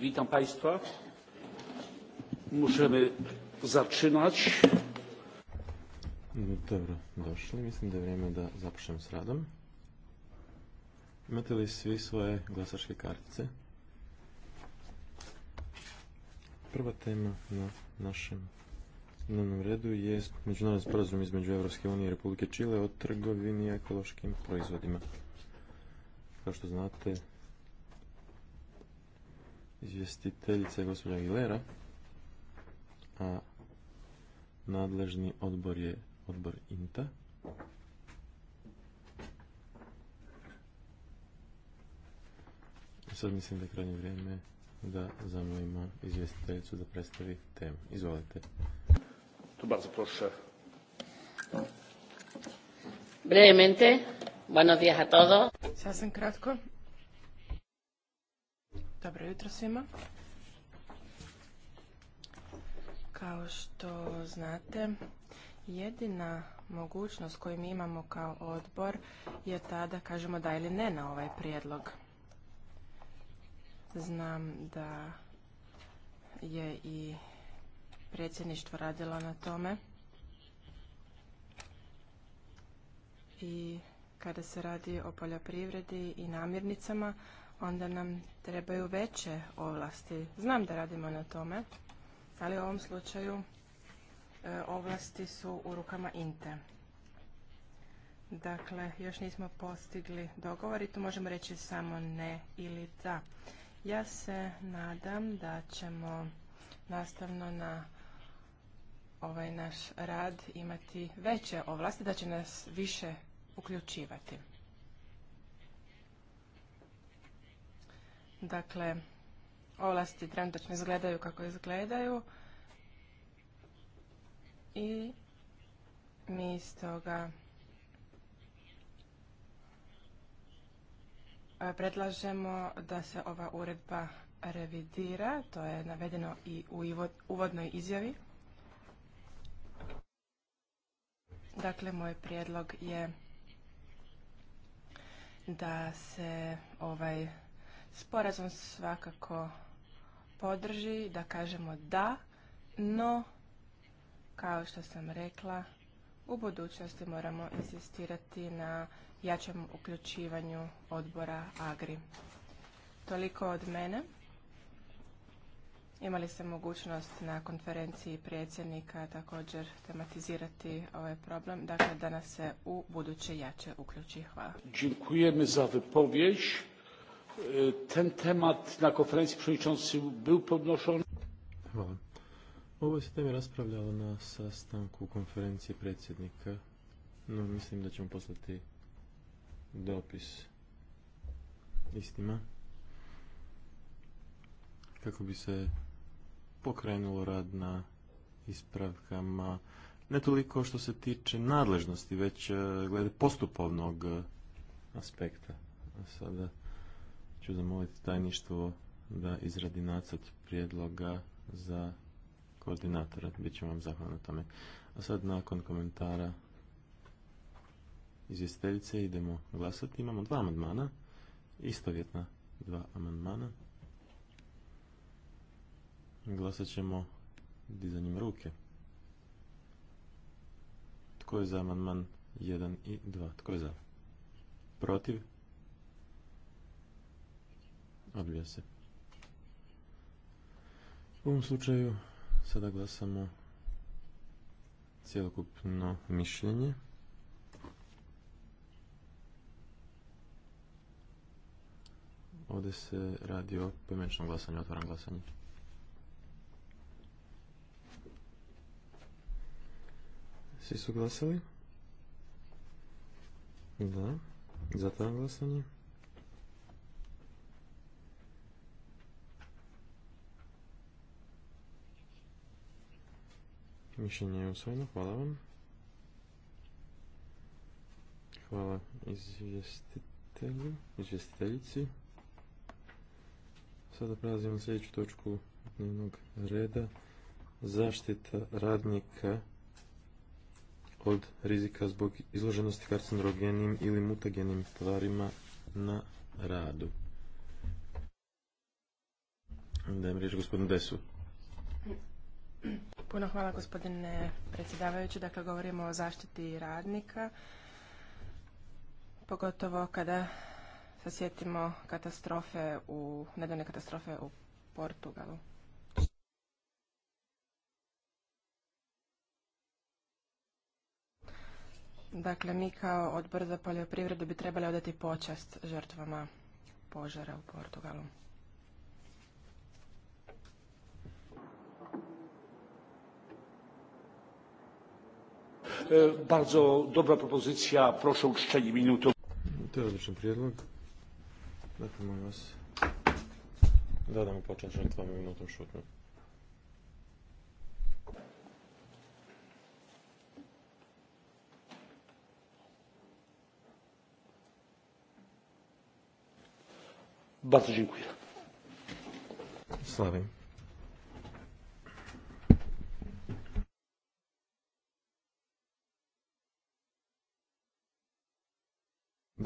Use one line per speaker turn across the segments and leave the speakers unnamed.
Witam Państwa. Możemy zaczynać.
Dobro, došli. Mislim da je vrijeme da započnemo s radom. Imate li svi svoje glasačke kartice? Prva tema na našem dnevnom redu je međunarodni sporazum između EU unije i Republike Čile o trgovini i ekološkim proizvodima. Kao što znate, izvjestiteljica je gospođa Aguilera, a nadležni odbor je odbor INTA. Sad mislim da je krajnje vrijeme da zamolimo izvjestiteljicu da predstavi temu. Izvolite.
Tu bardzo proszę.
Brevemente, buenos días a todos. Sasvim kratko, dobro jutro svima. Kao što znate, jedina mogućnost koju mi imamo kao odbor je ta da kažemo da ili ne na ovaj prijedlog. Znam da je i predsjedništvo radilo na tome. I kada se radi o poljoprivredi i namirnicama, onda nam trebaju veće ovlasti. Znam da radimo na tome, ali u ovom slučaju e, ovlasti su u rukama INTE. Dakle, još nismo postigli dogovor i tu možemo reći samo ne ili da. Ja se nadam da ćemo nastavno na ovaj naš rad imati veće ovlasti, da će nas više uključivati. Dakle, ovlasti trenutačno izgledaju kako izgledaju i mi iz toga e, predlažemo da se ova uredba revidira, to je navedeno i u uvodnoj izjavi. Dakle, moj prijedlog je da se ovaj sporazum svakako podrži, da kažemo da, no, kao što sam rekla, u budućnosti moramo insistirati na jačem uključivanju odbora AGRI. Toliko od mene. Imali ste mogućnost na konferenciji predsjednika također tematizirati ovaj problem, dakle da nas se u buduće jače uključi. Hvala.
Dziękujemy za wypowiedź. E, ten temat na konferenciji przewodniczących był podnoszony.
Hvala. Ovo se teme raspravljalo na sastanku konferencije predsjednika, no mislim da ćemo poslati dopis istima kako bi se pokrenulo rad na ispravkama ne toliko što se tiče nadležnosti, već e, glede postupovnog e, aspekta. A sada ću zamoliti tajništvo da izradi nacrt prijedloga za koordinatora. će vam zahvalni na tome. A sad nakon komentara izvjestiteljice idemo glasati. Imamo dva amandmana, istovjetna dva amandmana. Glasat ćemo dizanjem ruke. Tko je za amandman 1 i 2? Tko je za? Protiv? se. U ovom slučaju sada glasamo cijelokupno mišljenje. Ovdje se radi o pojmeničnom glasanju, otvaram glasanje. Svi su glasali? Da. Zatvaram glasanje. Mišljenje je usvojeno. Hvala vam. Hvala izvjestitelju, izvjestiteljici. Sada prelazimo na sljedeću točku dnevnog reda. Zaštita radnika od rizika zbog izloženosti karcinogenim ili mutagenim tvarima na radu. Dajem riječ gospodinu Desu.
Puno hvala gospodine predsjedavajući. Dakle, govorimo o zaštiti radnika, pogotovo kada se sjetimo katastrofe u, nedavne katastrofe u Portugalu. Dakle, mi kao odbor za poljoprivredu bi trebali odati počast žrtvama požara u Portugalu.
E, bardzo dobra propozycja.
Proszę o uczczenie minutu. To je odličan prijedlog. Dakle, molim vas da damo počet žrtvama
Bardzo dziękuję.
Slavim.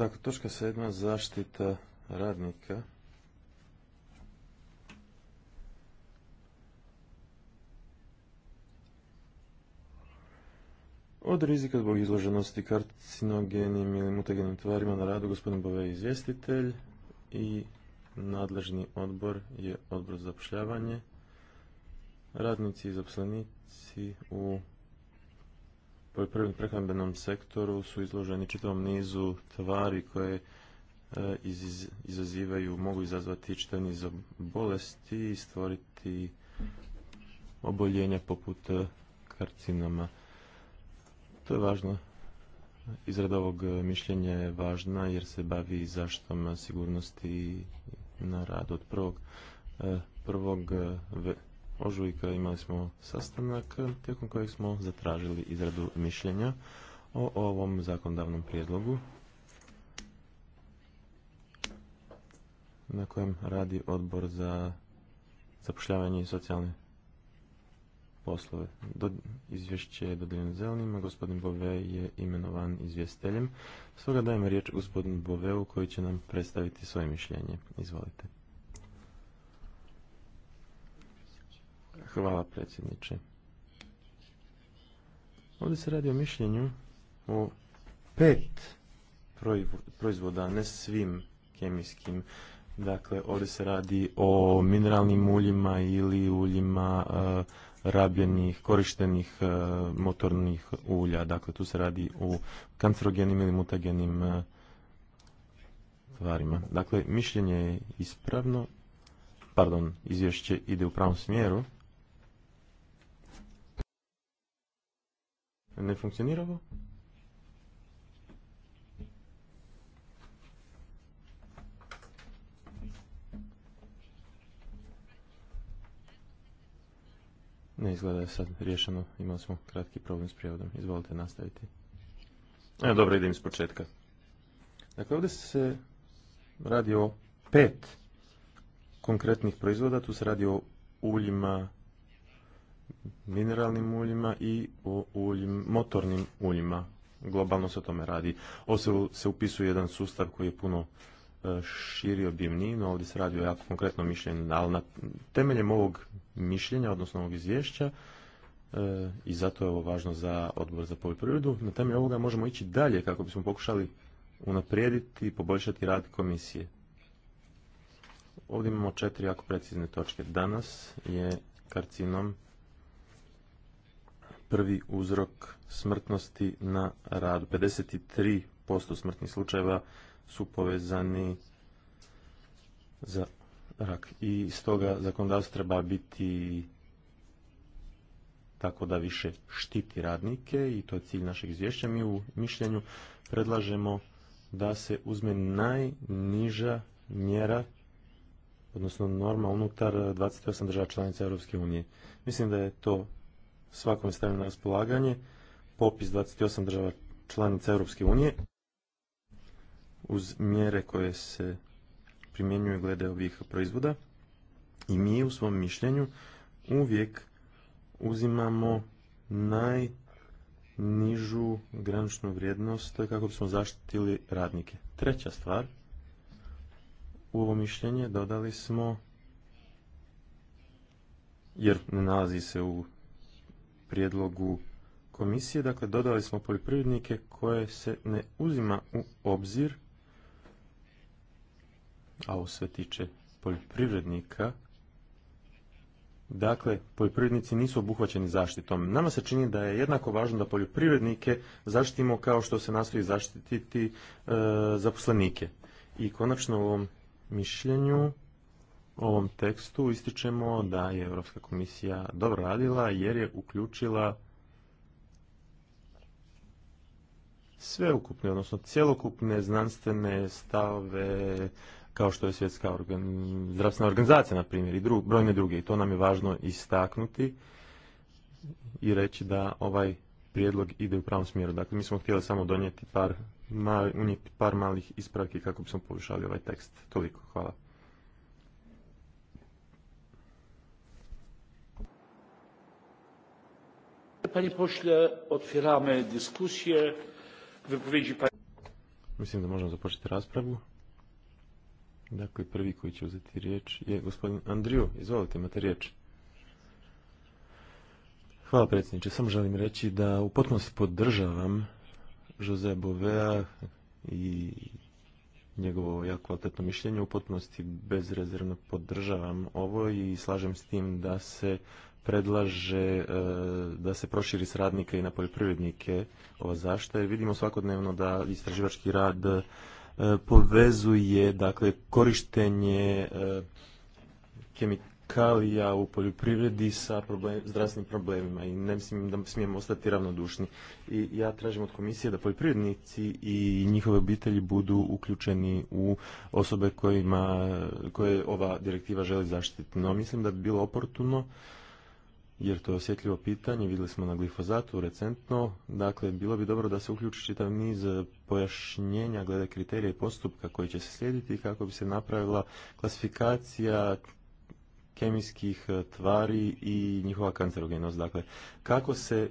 Dakle, točka sedma, zaštita radnika. Od rizika zbog izloženosti karcinogenim ili mutagenim tvarima na radu gospodin Bove izvjestitelj i nadležni odbor je odbor za zapošljavanje. Radnici i zaposlenici u poljoprivrednom prehrambenom sektoru su izloženi čitavom nizu tvari koje e, izazivaju, mogu izazvati čitav niz bolesti i stvoriti oboljenja poput e, karcinoma. To je važno. Izrada ovog mišljenja je važna jer se bavi zaštom sigurnosti na radu od prvog, e, prvog ožujka imali smo sastanak tijekom kojeg smo zatražili izradu mišljenja o ovom zakonodavnom prijedlogu na kojem radi odbor za zapošljavanje i socijalne poslove. izvješće je dodijeljeno zelenima, gospodin Bove je imenovan izvjestiteljem. Stoga dajemo riječ gospodinu Boveu koji će nam predstaviti svoje mišljenje. Izvolite. Hvala predsjedniče. Ovdje se radi o mišljenju o pet proizvoda, ne svim kemijskim. Dakle, ovdje se radi o mineralnim uljima ili uljima eh, rabljenih, korištenih eh, motornih ulja. Dakle, tu se radi o kancerogenim ili mutagenim eh, tvarima. Dakle, mišljenje je ispravno, pardon, izvješće ide u pravom smjeru. Ne funkcionira Ne izgleda je sad rješeno, imali smo kratki problem s prijevodom. Izvolite nastaviti. Evo dobro, idem iz početka. Dakle, ovdje se radi o pet konkretnih proizvoda. Tu se radi o uljima mineralnim uljima i o uljim, motornim uljima. Globalno se o tome radi. Ovo se, se upisuje jedan sustav koji je puno e, širi obimniji, no ovdje se radi o jako konkretnom mišljenju, ali na temeljem ovog mišljenja, odnosno ovog izvješća, e, i zato je ovo važno za odbor za poljoprivredu, na temelju ovoga možemo ići dalje kako bismo pokušali unaprijediti i poboljšati rad komisije. Ovdje imamo četiri jako precizne točke. Danas je karcinom prvi uzrok smrtnosti na radu. 53% smrtnih slučajeva su povezani za rak. I stoga zakonodavstvo treba biti tako da više štiti radnike i to je cilj našeg izvješća. Mi u mišljenju predlažemo da se uzme najniža mjera odnosno norma unutar 28 država članica Europske unije. Mislim da je to svakom je na raspolaganje popis 28 država članica Europske unije uz mjere koje se primjenjuju glede ovih proizvoda i mi u svom mišljenju uvijek uzimamo najnižu graničnu vrijednost kako bismo zaštitili radnike. Treća stvar, u ovo mišljenje dodali smo, jer ne nalazi se u prijedlogu komisije, dakle dodali smo poljoprivrednike koje se ne uzima u obzir, a ovo sve tiče poljoprivrednika, Dakle, poljoprivrednici nisu obuhvaćeni zaštitom. Nama se čini da je jednako važno da poljoprivrednike zaštitimo kao što se nastoji zaštititi e, zaposlenike. I konačno u ovom mišljenju ovom tekstu ističemo da je Europska komisija dobro radila jer je uključila sveukupne, odnosno cjelokupne znanstvene stave kao što je svjetska organ... zdravstvena organizacija, na primjer, i dru... brojne druge. I to nam je važno istaknuti i reći da ovaj prijedlog ide u pravom smjeru. Dakle, mi smo htjeli samo donijeti par, par malih ispravki kako bismo povišali ovaj tekst. Toliko. Hvala.
panie pośle. Otwieramy dyskusję. Wypowiedzi pani...
Mislim da možemo započeti raspravu. Dakle, prvi koji će uzeti riječ je gospodin Andriju. Izvolite, imate riječ. Hvala predsjedniče. Samo želim reći da u potpunosti podržavam Jose Bovea i njegovo jako kvalitetno mišljenje. U potpunosti bezrezervno podržavam ovo i slažem s tim da se predlaže e, da se proširi s radnika i na poljoprivrednike ova zaštita jer vidimo svakodnevno da istraživački rad e, povezuje dakle korištenje e, kemikalija u poljoprivredi sa zdravstvenim problemima i ne mislim da smijemo ostati ravnodušni. I ja tražim od komisije da poljoprivrednici i njihove obitelji budu uključeni u osobe kojima, koje ova direktiva želi zaštiti. No mislim da bi bilo oportuno jer to je osjetljivo pitanje, vidjeli smo na glifozatu recentno, dakle bilo bi dobro da se uključi čitav niz pojašnjenja glede kriterija i postupka koji će se slijediti kako bi se napravila klasifikacija kemijskih e, tvari i njihova kancerogenost. Dakle, kako se e,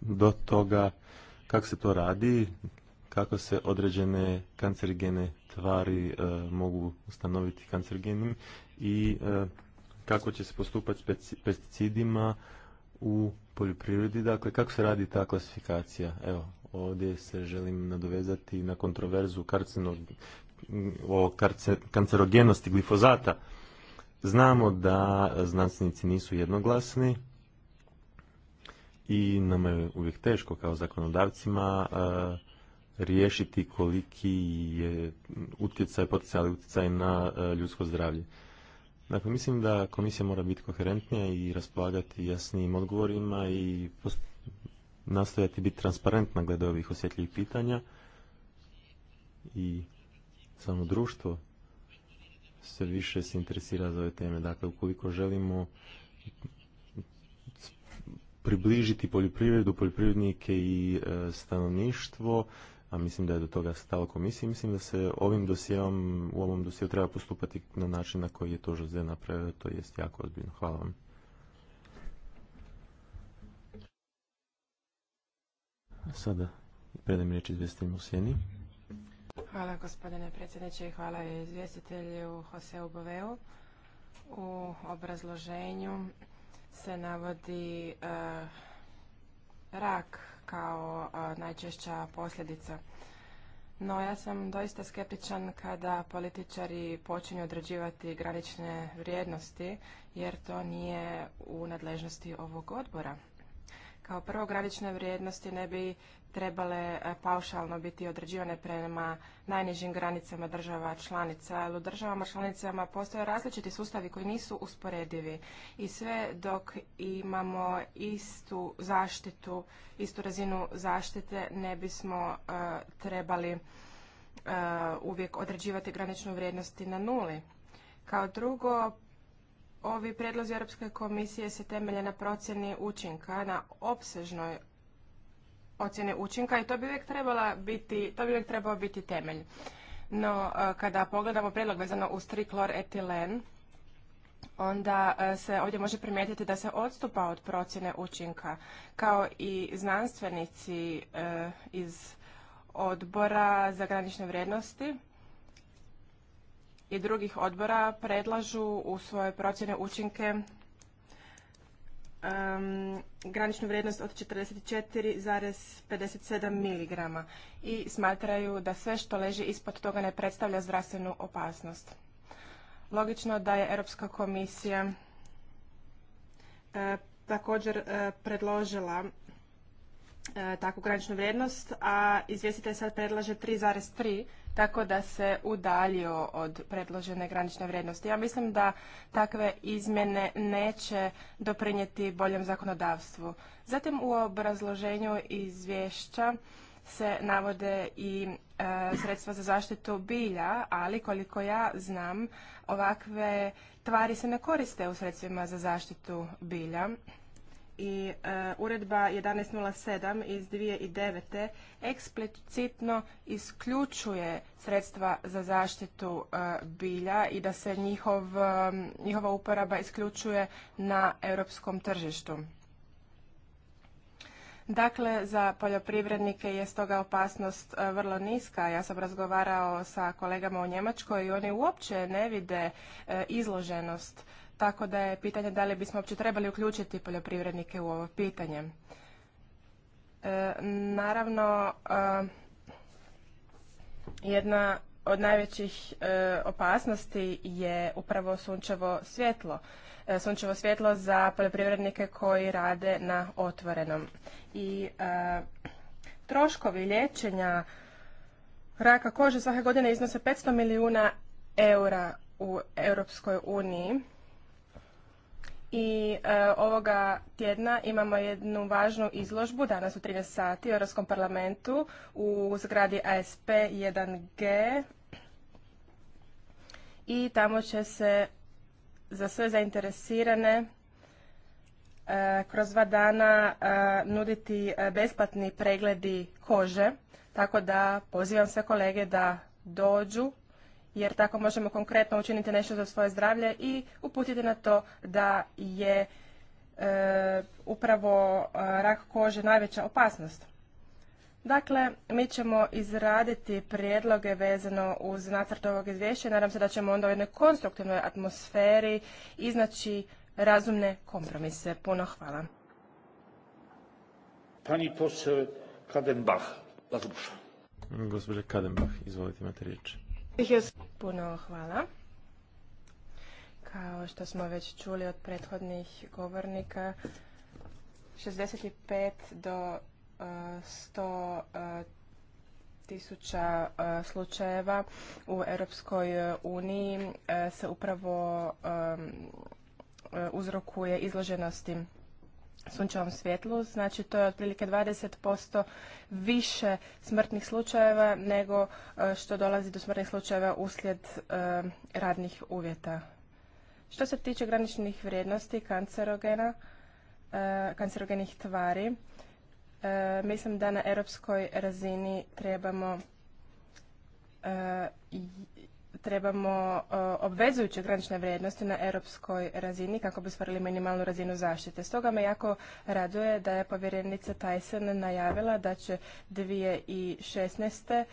do toga, kako se to radi, kako se određene kancerogene tvari e, mogu ustanoviti kancerogenim i kako će se postupati s pesticidima u poljoprivredi, dakle kako se radi ta klasifikacija. Evo, ovdje se želim nadovezati na kontroverzu karcenog, o kancerogenosti glifozata. Znamo da znanstvenici nisu jednoglasni i nama je uvijek teško kao zakonodavcima riješiti koliki je utjecaj, potencijalni utjecaj na ljudsko zdravlje. Dakle, mislim da komisija mora biti koherentnija i raspolagati jasnim odgovorima i nastojati biti transparentna glede ovih osjetljivih pitanja i samo društvo se više se interesira za ove teme. Dakle, ukoliko želimo približiti poljoprivredu, poljoprivrednike i e, stanovništvo, a mislim da je do toga stala komisija. Mislim da se ovim dosijevom, u ovom dosijevu treba postupati na način na koji je to Jose napravio, to jest jako ozbiljno. Hvala vam. Sada predajem riječ izvjestitelju sjeni.
Hvala gospodine predsjedniče i hvala izvjestitelju Joseu Boveu. U obrazloženju se navodi eh, rak kao najčešća posljedica. No ja sam doista skeptičan kada političari počinju određivati granične vrijednosti jer to nije u nadležnosti ovog odbora. Kao prvo, granične vrijednosti ne bi trebale e, paušalno biti određivane prema najnižim granicama država članica, ali u državama članicama postoje različiti sustavi koji nisu usporedivi i sve dok imamo istu zaštitu, istu razinu zaštite ne bismo e, trebali e, uvijek određivati graničnu vrijednosti na nuli. Kao drugo, Ovi predlozi Europske komisije se temelje na procjeni učinka, na opsežnoj ocjeni učinka i to bi uvijek trebala biti, to bi trebao biti temelj. No, e, kada pogledamo predlog vezano uz etilen, onda e, se ovdje može primijetiti da se odstupa od procjene učinka, kao i znanstvenici e, iz odbora za granične vrijednosti i drugih odbora predlažu u svoje procjene učinke graničnu vrijednost od 44,57 mg i smatraju da sve što leži ispod toga ne predstavlja zdravstvenu opasnost. Logično da je Europska komisija eh, također eh, predložila eh, takvu graničnu vrijednost, a izvjestitelj sad predlaže 3,3 tako da se udaljio od predložene granične vrijednosti. Ja mislim da takve izmjene neće doprinijeti boljem zakonodavstvu. Zatim u obrazloženju izvješća se navode i e, sredstva za zaštitu bilja, ali koliko ja znam, ovakve tvari se ne koriste u sredstvima za zaštitu bilja i e, uredba 1107 iz 2009. eksplicitno isključuje sredstva za zaštitu e, bilja i da se e, njihova uporaba isključuje na europskom tržištu. Dakle, za poljoprivrednike je stoga opasnost vrlo niska. Ja sam razgovarao sa kolegama u Njemačkoj i oni uopće ne vide izloženost tako da je pitanje da li bismo uopće trebali uključiti poljoprivrednike u ovo pitanje. E, naravno, e, jedna od najvećih e, opasnosti je upravo sunčevo svjetlo. Sunčevo svjetlo za poljoprivrednike koji rade na otvorenom. I troškovi liječenja raka kože svake godine iznose 500 milijuna eura u Europskoj uniji i e, ovoga tjedna imamo jednu važnu izložbu danas u 13 sati u Europskom parlamentu u zgradi ASP 1G i tamo će se za sve zainteresirane e, kroz dva dana e, nuditi besplatni pregledi kože, tako da pozivam sve kolege da dođu jer tako možemo konkretno učiniti nešto za svoje zdravlje i uputiti na to da je e, upravo e, rak kože najveća opasnost. Dakle, mi ćemo izraditi prijedloge vezano uz nacrt ovog izvješća. Nadam se da ćemo onda u jednoj konstruktivnoj atmosferi iznaći razumne kompromise. Puno hvala.
Pani posel Kadenbach,
Gospođa Kadenbach, izvolite imate riječi.
Puno hvala. Kao što smo već čuli od prethodnih govornika, 65 do 100 e, e, tisuća e, slučajeva u Europskoj uniji se upravo uzrokuje izloženosti sunčevom svjetlu, znači to je otprilike 20% više smrtnih slučajeva nego e, što dolazi do smrtnih slučajeva uslijed e, radnih uvjeta. Što se tiče graničnih vrijednosti kancerogena, e, kancerogenih tvari, mislim da na europskoj razini trebamo trebamo e, obvezujuće granične vrijednosti na europskoj razini kako bi stvorili minimalnu razinu zaštite. Stoga me jako raduje da je povjerenica Tyson najavila da će 2016.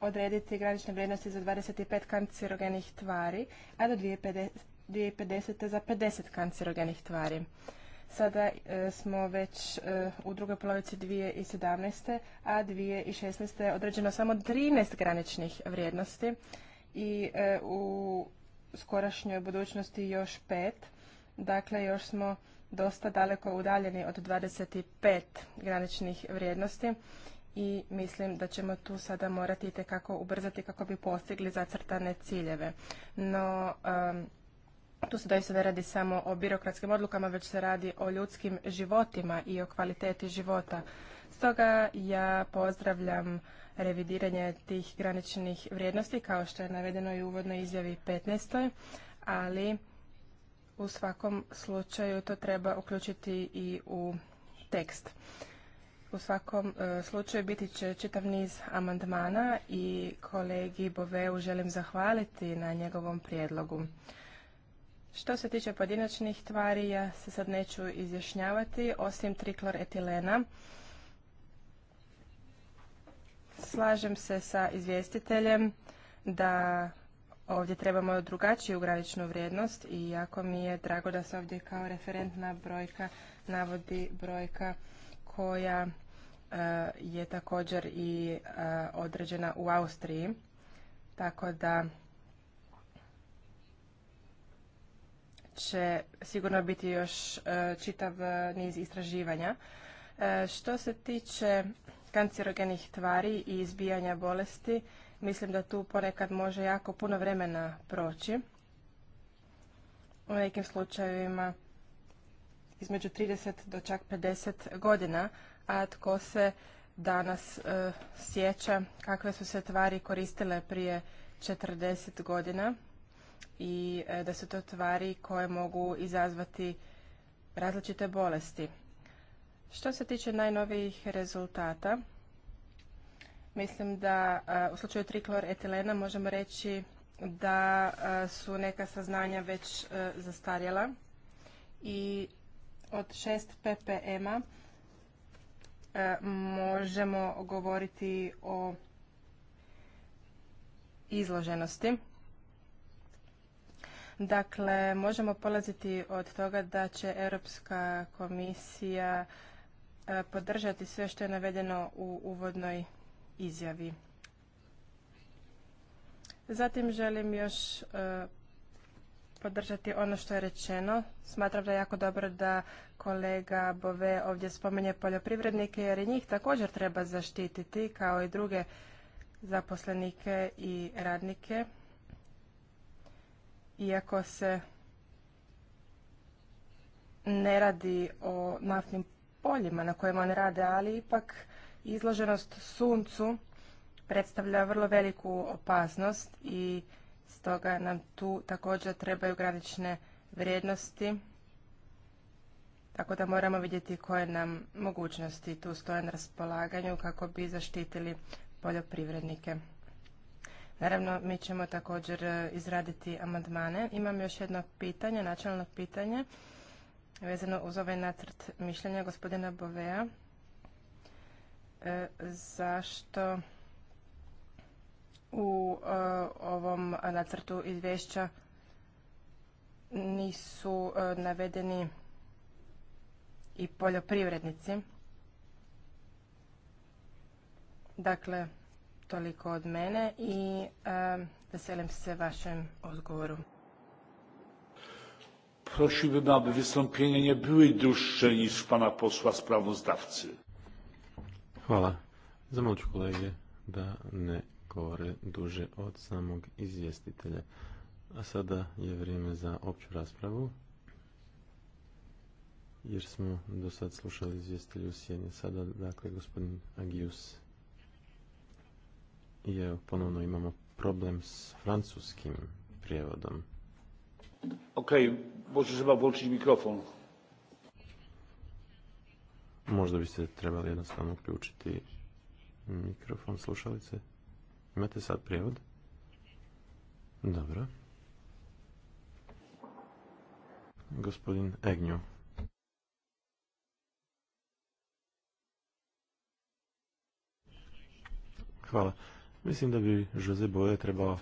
odrediti granične vrijednosti za 25 kancerogenih tvari, a do 2050. za 50 kancerogenih tvari. Sada e, smo već e, u drugoj polovici 2017. a 2016. je određeno samo 13 graničnih vrijednosti i e, u skorašnjoj budućnosti još pet. Dakle, još smo dosta daleko udaljeni od 25 graničnih vrijednosti i mislim da ćemo tu sada morati itekako ubrzati kako bi postigli zacrtane ciljeve. No, tu se doista ne radi samo o birokratskim odlukama, već se radi o ljudskim životima i o kvaliteti života. Stoga ja pozdravljam revidiranje tih graničnih vrijednosti, kao što je navedeno i u uvodnoj izjavi 15. Ali u svakom slučaju to treba uključiti i u tekst. U svakom e, slučaju biti će čitav niz amandmana i kolegi Boveu želim zahvaliti na njegovom prijedlogu. Što se tiče pojedinačnih tvari, ja se sad neću izjašnjavati, osim trikloretilena. Slažem se sa izvjestiteljem da ovdje trebamo drugačiju graničnu vrijednost i jako mi je drago da se ovdje kao referentna brojka navodi brojka koja e, je također i e, određena u Austriji. Tako da će sigurno biti još e, čitav e, niz istraživanja. E, što se tiče kancerogenih tvari i izbijanja bolesti, mislim da tu ponekad može jako puno vremena proći. U nekim slučajevima između 30 do čak 50 godina, a tko se danas sjeća kakve su se tvari koristile prije 40 godina i e, da su to tvari koje mogu izazvati različite bolesti. Što se tiče najnovijih rezultata, mislim da e, u slučaju triklor etilena možemo reći da e, su neka saznanja već zastarjela i od 6 ppm-a možemo govoriti o izloženosti. Dakle, možemo polaziti od toga da će Europska komisija e, podržati sve što je navedeno u uvodnoj izjavi. Zatim želim još e, podržati ono što je rečeno. Smatram da je jako dobro da kolega Bove ovdje spomenje poljoprivrednike jer i njih također treba zaštititi kao i druge zaposlenike i radnike iako se ne radi o naftnim poljima na kojima on rade, ali ipak izloženost suncu predstavlja vrlo veliku opasnost i stoga nam tu također trebaju granične vrijednosti, tako da moramo vidjeti koje nam mogućnosti tu stoje na raspolaganju kako bi zaštitili poljoprivrednike. Naravno, mi ćemo također e, izraditi amandmane. Imam još jedno pitanje, načelno pitanje, vezano uz ovaj nacrt mišljenja gospodina Bovea. E, zašto u e, ovom nacrtu izvješća nisu navedeni i poljoprivrednici? Dakle, Toliko od mene i veselim se vašem odgovoru.
Prosiłbym, aby wystąpienia nie były dłuższe niż pana posła sprawozdawcy.
Hvala. Zamolit ću kolege da ne govore duže od samog izvjestitelja. A sada je vrijeme za opću raspravu, jer smo do sad slušali izvjestitelju Sada, dakle, gospodin Agius. I evo, ponovno imamo problem s francuskim prijevodom.
Ok, možda treba uključiti mikrofon.
Možda biste trebali jednostavno uključiti mikrofon slušalice. Imate sad prijevod? Dobro. Gospodin Egnju. Hvala. Mislim da bi Jose Boje trebao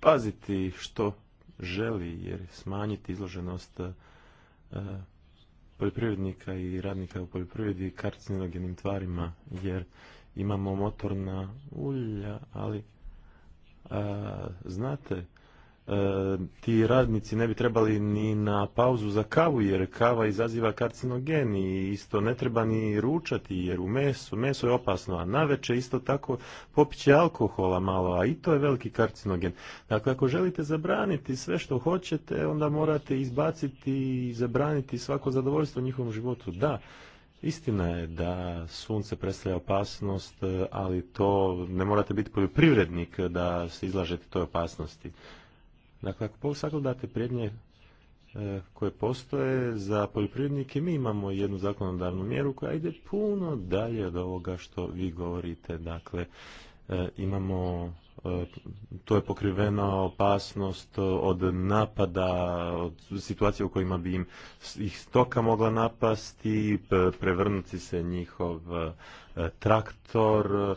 paziti što želi, jer smanjiti izloženost e, poljoprivrednika i radnika u poljoprivredi karcinogenim tvarima, jer imamo motorna ulja, ali e, znate E, ti radnici ne bi trebali ni na pauzu za kavu jer kava izaziva karcinogen i isto ne treba ni ručati jer u mesu, meso je opasno, a naveče isto tako popiće alkohola malo, a i to je veliki karcinogen. Dakle, ako želite zabraniti sve što hoćete, onda morate izbaciti i zabraniti svako zadovoljstvo u njihovom životu. Da, Istina je da sunce predstavlja opasnost, ali to ne morate biti poljoprivrednik da se izlažete toj opasnosti. Dakle, ako sagledate prijednje e, koje postoje za poljoprivrednike, mi imamo jednu zakonodavnu mjeru koja ide puno dalje od ovoga što vi govorite. Dakle, e, imamo, e, to je pokrivena opasnost od napada, od situacije u kojima bi im ih stoka mogla napasti, prevrnuti se njihov traktor,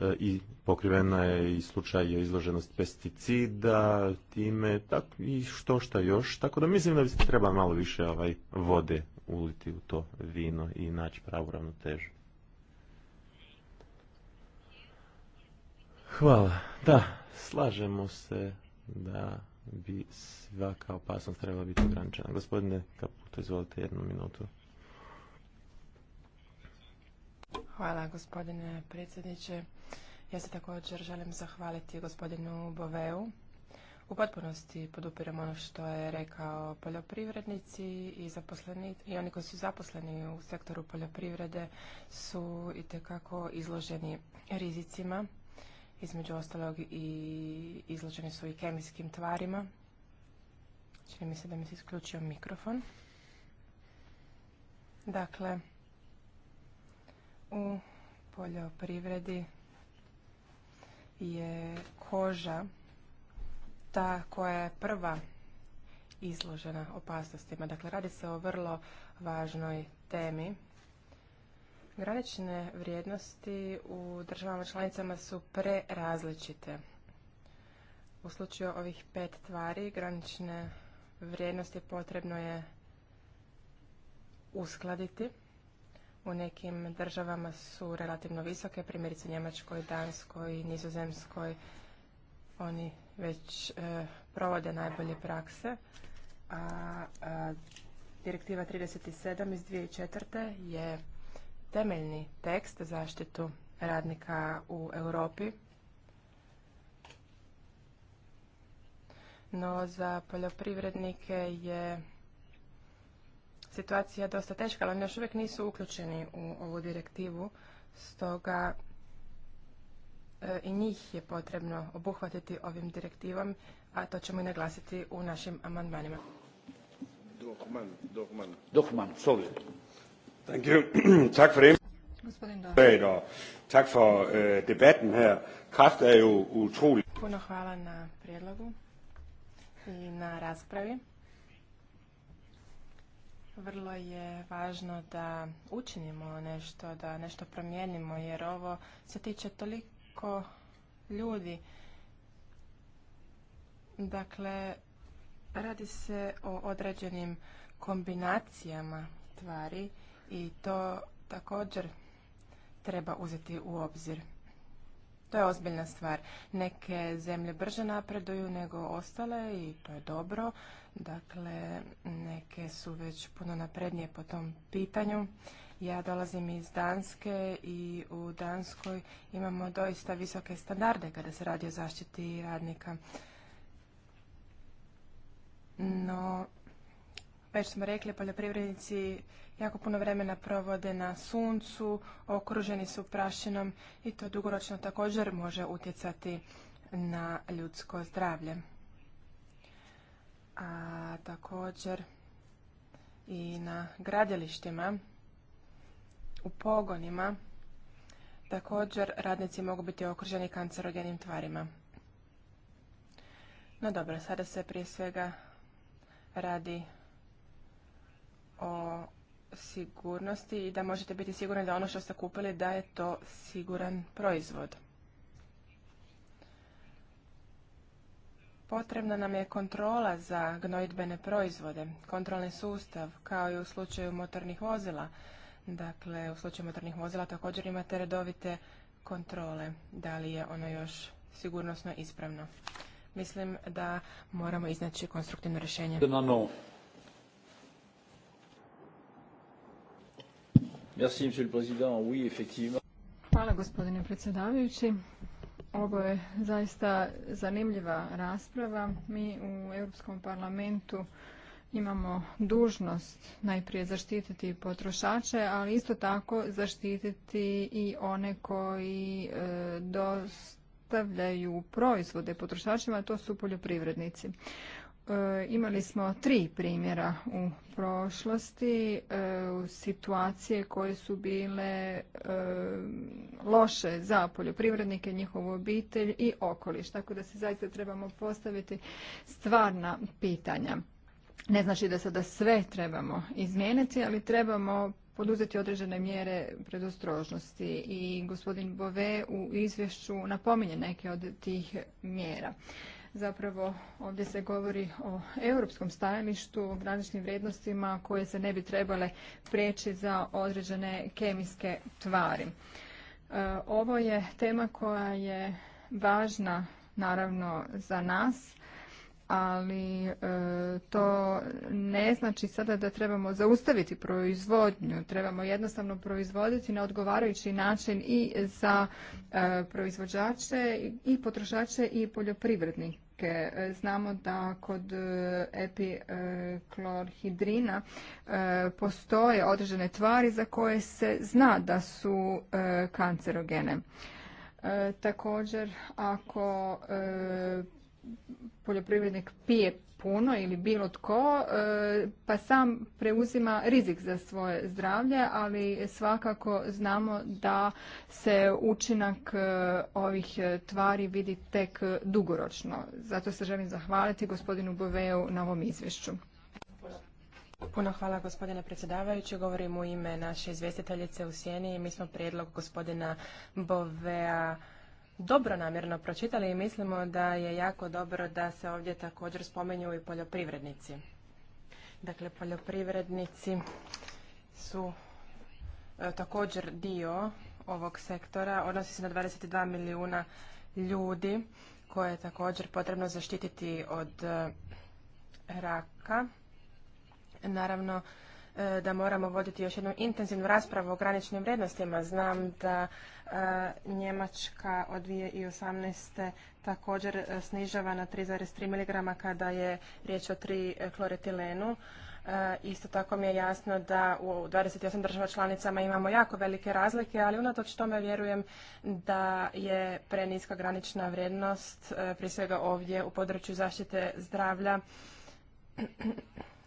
E, i pokrivena je i slučaj izloženost pesticida, time tak, i što šta još. Tako da mislim da bi se treba malo više ovaj, vode uliti u to vino i naći pravu ravnotežu. Hvala. Da, slažemo se da bi svaka opasnost trebala biti ograničena. Gospodine Kaputo, izvolite jednu minutu.
Hvala gospodine predsjedniče. Ja se također želim zahvaliti gospodinu Boveu. U potpunosti podupiramo ono što je rekao poljoprivrednici i i oni koji su zaposleni u sektoru poljoprivrede su itekako izloženi rizicima, između ostalog i izloženi su i kemijskim tvarima. Čini mi se da mi se isključio mikrofon. Dakle, u poljoprivredi je koža ta koja je prva izložena opasnostima. Dakle, radi se o vrlo važnoj temi. Granične vrijednosti u državama članicama su prerazličite. U slučaju ovih pet tvari granične vrijednosti potrebno je uskladiti. U nekim državama su relativno visoke, primjerice Njemačkoj, Danskoj i Nizozemskoj. Oni već e, provode najbolje prakse, a, a direktiva 37 iz 2004. je temeljni tekst zaštitu radnika u Europi. No za poljoprivrednike je situacija dosta teška, ali oni još uvijek nisu uključeni u ovu direktivu, stoga e, i njih je potrebno obuhvatiti ovim direktivom, a to ćemo i naglasiti u našim amandmanima.
sorry. Thank you.
Puno hvala na prijedlogu i na raspravi. Vrlo je važno da učinimo nešto, da nešto promijenimo, jer ovo se tiče toliko ljudi. Dakle, radi se o određenim kombinacijama tvari i to također treba uzeti u obzir. To je ozbiljna stvar. Neke zemlje brže napreduju nego ostale i to je dobro. Dakle, neke su već puno naprednije po tom pitanju. Ja dolazim iz Danske i u Danskoj imamo doista visoke standarde kada se radi o zaštiti radnika. No, već smo rekli, poljoprivrednici jako puno vremena provode na suncu, okruženi su prašinom i to dugoročno također može utjecati na ljudsko zdravlje a također i na gradilištima, u pogonima, također radnici mogu biti okruženi kancerogenim tvarima. No dobro, sada se prije svega radi o sigurnosti i da možete biti sigurni da ono što ste kupili da je to siguran proizvod. Potrebna nam je kontrola za gnojidbene proizvode, kontrolni sustav, kao i u slučaju motornih vozila. Dakle, u slučaju motornih vozila također imate redovite kontrole, da li je ono još sigurnosno ispravno. Mislim da moramo iznaći konstruktivno rješenje.
Hvala gospodine predsjedavajući. Ovo je zaista zanimljiva rasprava. Mi u Europskom parlamentu imamo dužnost najprije zaštititi potrošače, ali isto tako zaštititi i one koji e, dostavljaju proizvode potrošačima, to su poljoprivrednici. E, imali smo tri primjera u prošlosti e, situacije koje su bile e, loše za poljoprivrednike, njihovu obitelj i okoliš. Tako da se zaista trebamo postaviti stvarna pitanja. Ne znači da sada sve trebamo izmijeniti, ali trebamo poduzeti određene mjere predostrožnosti i gospodin Bove u izvješću napominje neke od tih mjera. Zapravo ovdje se govori o europskom stajalištu, o graničnim vrijednostima koje se ne bi trebale preći za određene kemijske tvari. E, ovo je tema koja je važna naravno za nas, ali e, to ne znači sada da trebamo zaustaviti proizvodnju, trebamo jednostavno proizvoditi na odgovarajući način i za e, proizvođače i potrošače i poljoprivrednike E, znamo da kod e, epiklorhidrina e, postoje određene tvari za koje se zna da su kancerogene. Također, ako poljoprivrednik pije puno ili bilo tko, e, pa sam preuzima rizik za svoje zdravlje, ali svakako znamo da se učinak e, ovih e, tvari vidi tek dugoročno. Zato se želim zahvaliti gospodinu Boveu na ovom izvješću.
Puno hvala gospodine predsjedavajući. Govorim u ime naše izvjestiteljice u Sjeni i mi smo prijedlog gospodina Bovea dobro namjerno pročitali i mislimo da je jako dobro da se ovdje također spomenju i poljoprivrednici. Dakle, poljoprivrednici su e, također dio ovog sektora, odnosi se na 22 milijuna ljudi koje je također potrebno zaštititi od e, raka. Naravno, E, da moramo voditi još jednu intenzivnu raspravu o graničnim vrijednostima. Znam da e, Njemačka od 2018. također e, snižava na 3,3 mg kada je riječ o 3 kloretilenu. Isto tako mi je jasno da u 28 država članicama imamo jako velike razlike, ali unatoč tome vjerujem da je preniska granična vrijednost, prije svega ovdje u području zaštite zdravlja,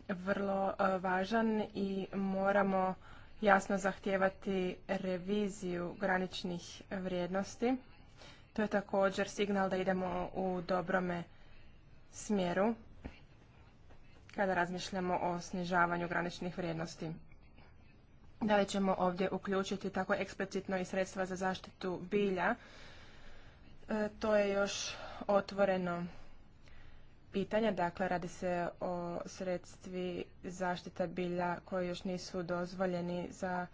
vrlo e, važan i moramo jasno zahtijevati reviziju graničnih vrijednosti. To je također signal da idemo u dobrome smjeru kada razmišljamo o snižavanju graničnih vrijednosti. Da li ćemo ovdje uključiti tako eksplicitno i sredstva za zaštitu bilja? E, to je još otvoreno pitanja. Dakle, radi se o sredstvi zaštita bilja koji još nisu dozvoljeni za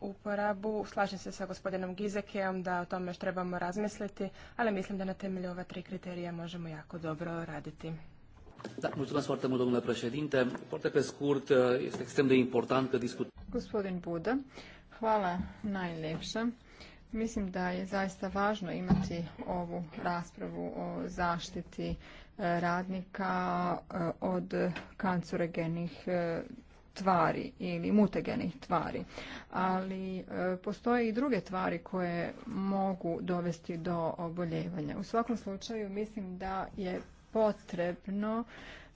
uporabu. Slažem se sa gospodinom Gizekeom da o tome još trebamo razmisliti, ali mislim da na temelju ova tri kriterija možemo jako dobro raditi. Da, mulțumesc
foarte mult, domnule Foarte pe scurt, este extrem de important că
Gospodin
Buda, hvala najljepša. Mislim da je zaista važno imati ovu raspravu o zaštiti radnika e, od kancerogenih e, tvari ili mutagenih tvari. Ali e, postoje i druge tvari koje mogu dovesti do oboljevanja. U svakom slučaju mislim da je potrebno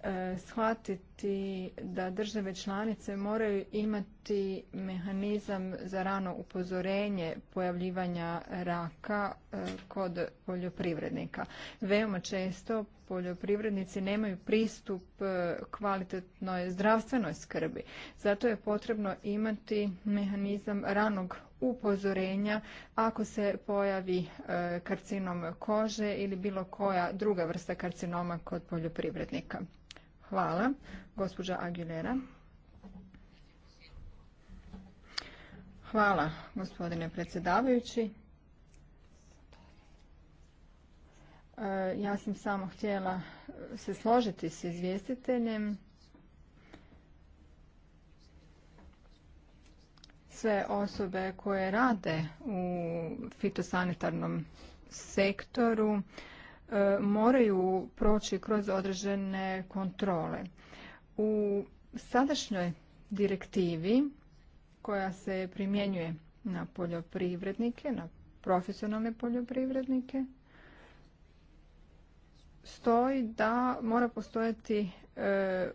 e, shvatiti da države članice moraju imati mehanizam za rano upozorenje pojavljivanja raka e, kod poljoprivrednika. Veoma često poljoprivrednici nemaju pristup e, kvalitetnoj zdravstvenoj skrbi. Zato je potrebno imati mehanizam ranog upozorenja ako se pojavi e, karcinom kože ili bilo koja druga vrsta karcinoma kod poljoprivrednika. Hvala. Gospođa Aguilera. Hvala, gospodine predsjedavajući. E, ja sam samo htjela se složiti s izvjestiteljem sve osobe koje rade u fitosanitarnom sektoru e, moraju proći kroz određene kontrole. U sadašnjoj direktivi koja se primjenjuje na poljoprivrednike, na profesionalne poljoprivrednike, stoji da mora postojati e,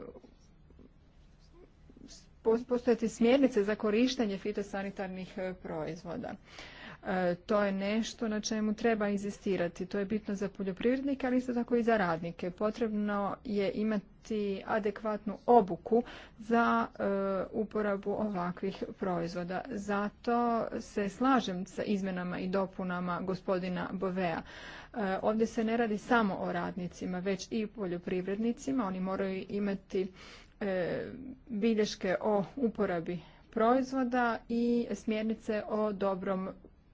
postojati smjernice za korištenje fitosanitarnih e, proizvoda. E, to je nešto na čemu treba inzistirati. To je bitno za poljoprivrednike, ali isto tako i za radnike. Potrebno je imati adekvatnu obuku za e, uporabu ovakvih proizvoda. Zato se slažem sa izmjenama i dopunama gospodina Bovea. Ovdje se ne radi samo o radnicima, već i poljoprivrednicima. Oni moraju imati E, bilješke o uporabi proizvoda i smjernice o dobrom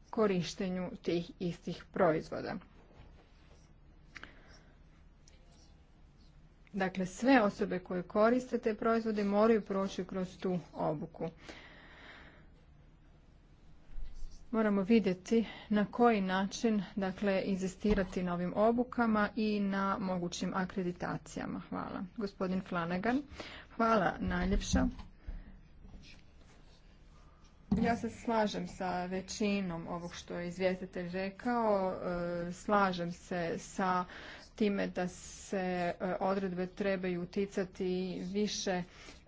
korištenju tih istih proizvoda. Dakle, sve osobe koje koriste te proizvode moraju proći kroz tu obuku moramo vidjeti na koji način dakle inzistirati na ovim obukama i na mogućim akreditacijama. Hvala. Gospodin Flanagan, hvala najljepša. Ja se slažem sa većinom ovog što je izvjestitelj rekao. E, slažem se sa time da se e, odredbe trebaju uticati više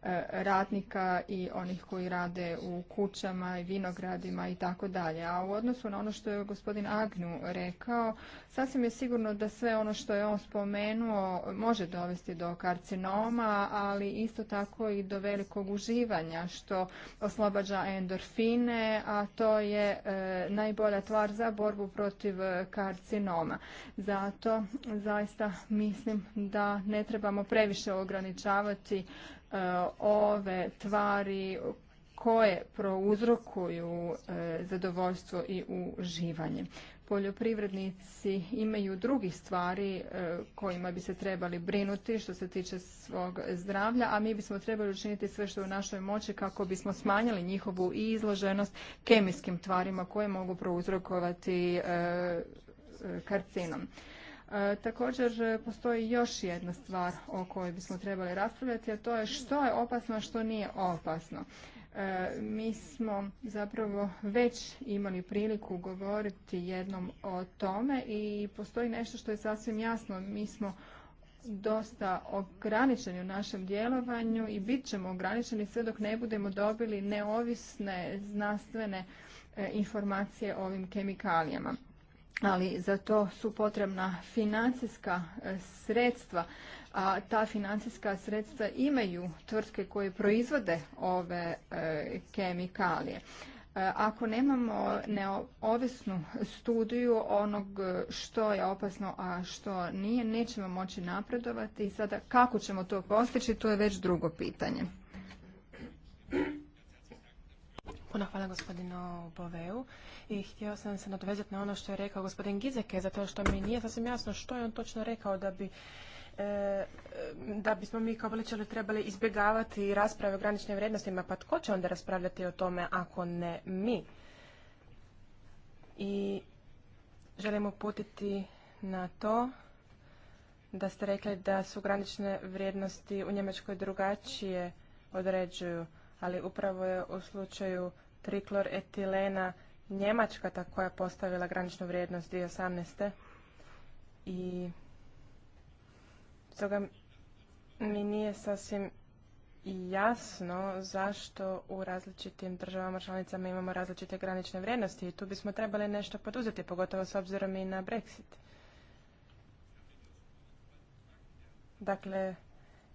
E, ratnika i onih koji rade u kućama i vinogradima i tako dalje. A u odnosu na ono što je gospodin Agnju rekao, sasvim je sigurno da sve ono što je on spomenuo može dovesti do karcinoma, ali isto tako i do velikog uživanja što oslobađa endorfine, a to je e, najbolja tvar za borbu protiv karcinoma. Zato zaista mislim da ne trebamo previše ograničavati E, ove tvari koje prouzrokuju e, zadovoljstvo i uživanje. Poljoprivrednici imaju drugih stvari e, kojima bi se trebali brinuti što se tiče svog zdravlja, a mi bismo trebali učiniti sve što je u našoj moći kako bismo smanjili njihovu izloženost kemijskim tvarima koje mogu prouzrokovati karcinom. E, također e, postoji još jedna stvar o kojoj bismo trebali raspravljati, a to je što je opasno, a što nije opasno. E, mi smo zapravo već imali priliku govoriti jednom o tome i postoji nešto što je sasvim jasno. Mi smo dosta ograničeni u našem djelovanju i bit ćemo ograničeni sve dok ne budemo dobili neovisne znanstvene informacije o ovim kemikalijama ali za to su potrebna financijska e, sredstva, a ta financijska sredstva imaju tvrtke koje proizvode ove e, kemikalije. E, ako nemamo neovisnu studiju onog što je opasno, a što nije, nećemo moći napredovati i sada kako ćemo to postići, to je već drugo pitanje.
Puno hvala gospodinu Boveu i htio sam se nadovezati na ono što je rekao gospodin Gizeke, zato što mi nije sasvim jasno što je on točno rekao da bi e, da bismo mi kao veličali trebali izbjegavati rasprave o graničnim vrijednostima. Pa tko će onda raspravljati o tome ako ne mi? I želimo uputiti na to da ste rekli da su granične vrijednosti u Njemačkoj drugačije određuju, ali upravo je u slučaju etilena Njemačka ta koja je postavila graničnu vrijednost 2018. I stoga mi nije sasvim jasno zašto u različitim državama članicama imamo različite granične vrijednosti i tu bismo trebali nešto poduzeti, pogotovo s obzirom i na Brexit. Dakle,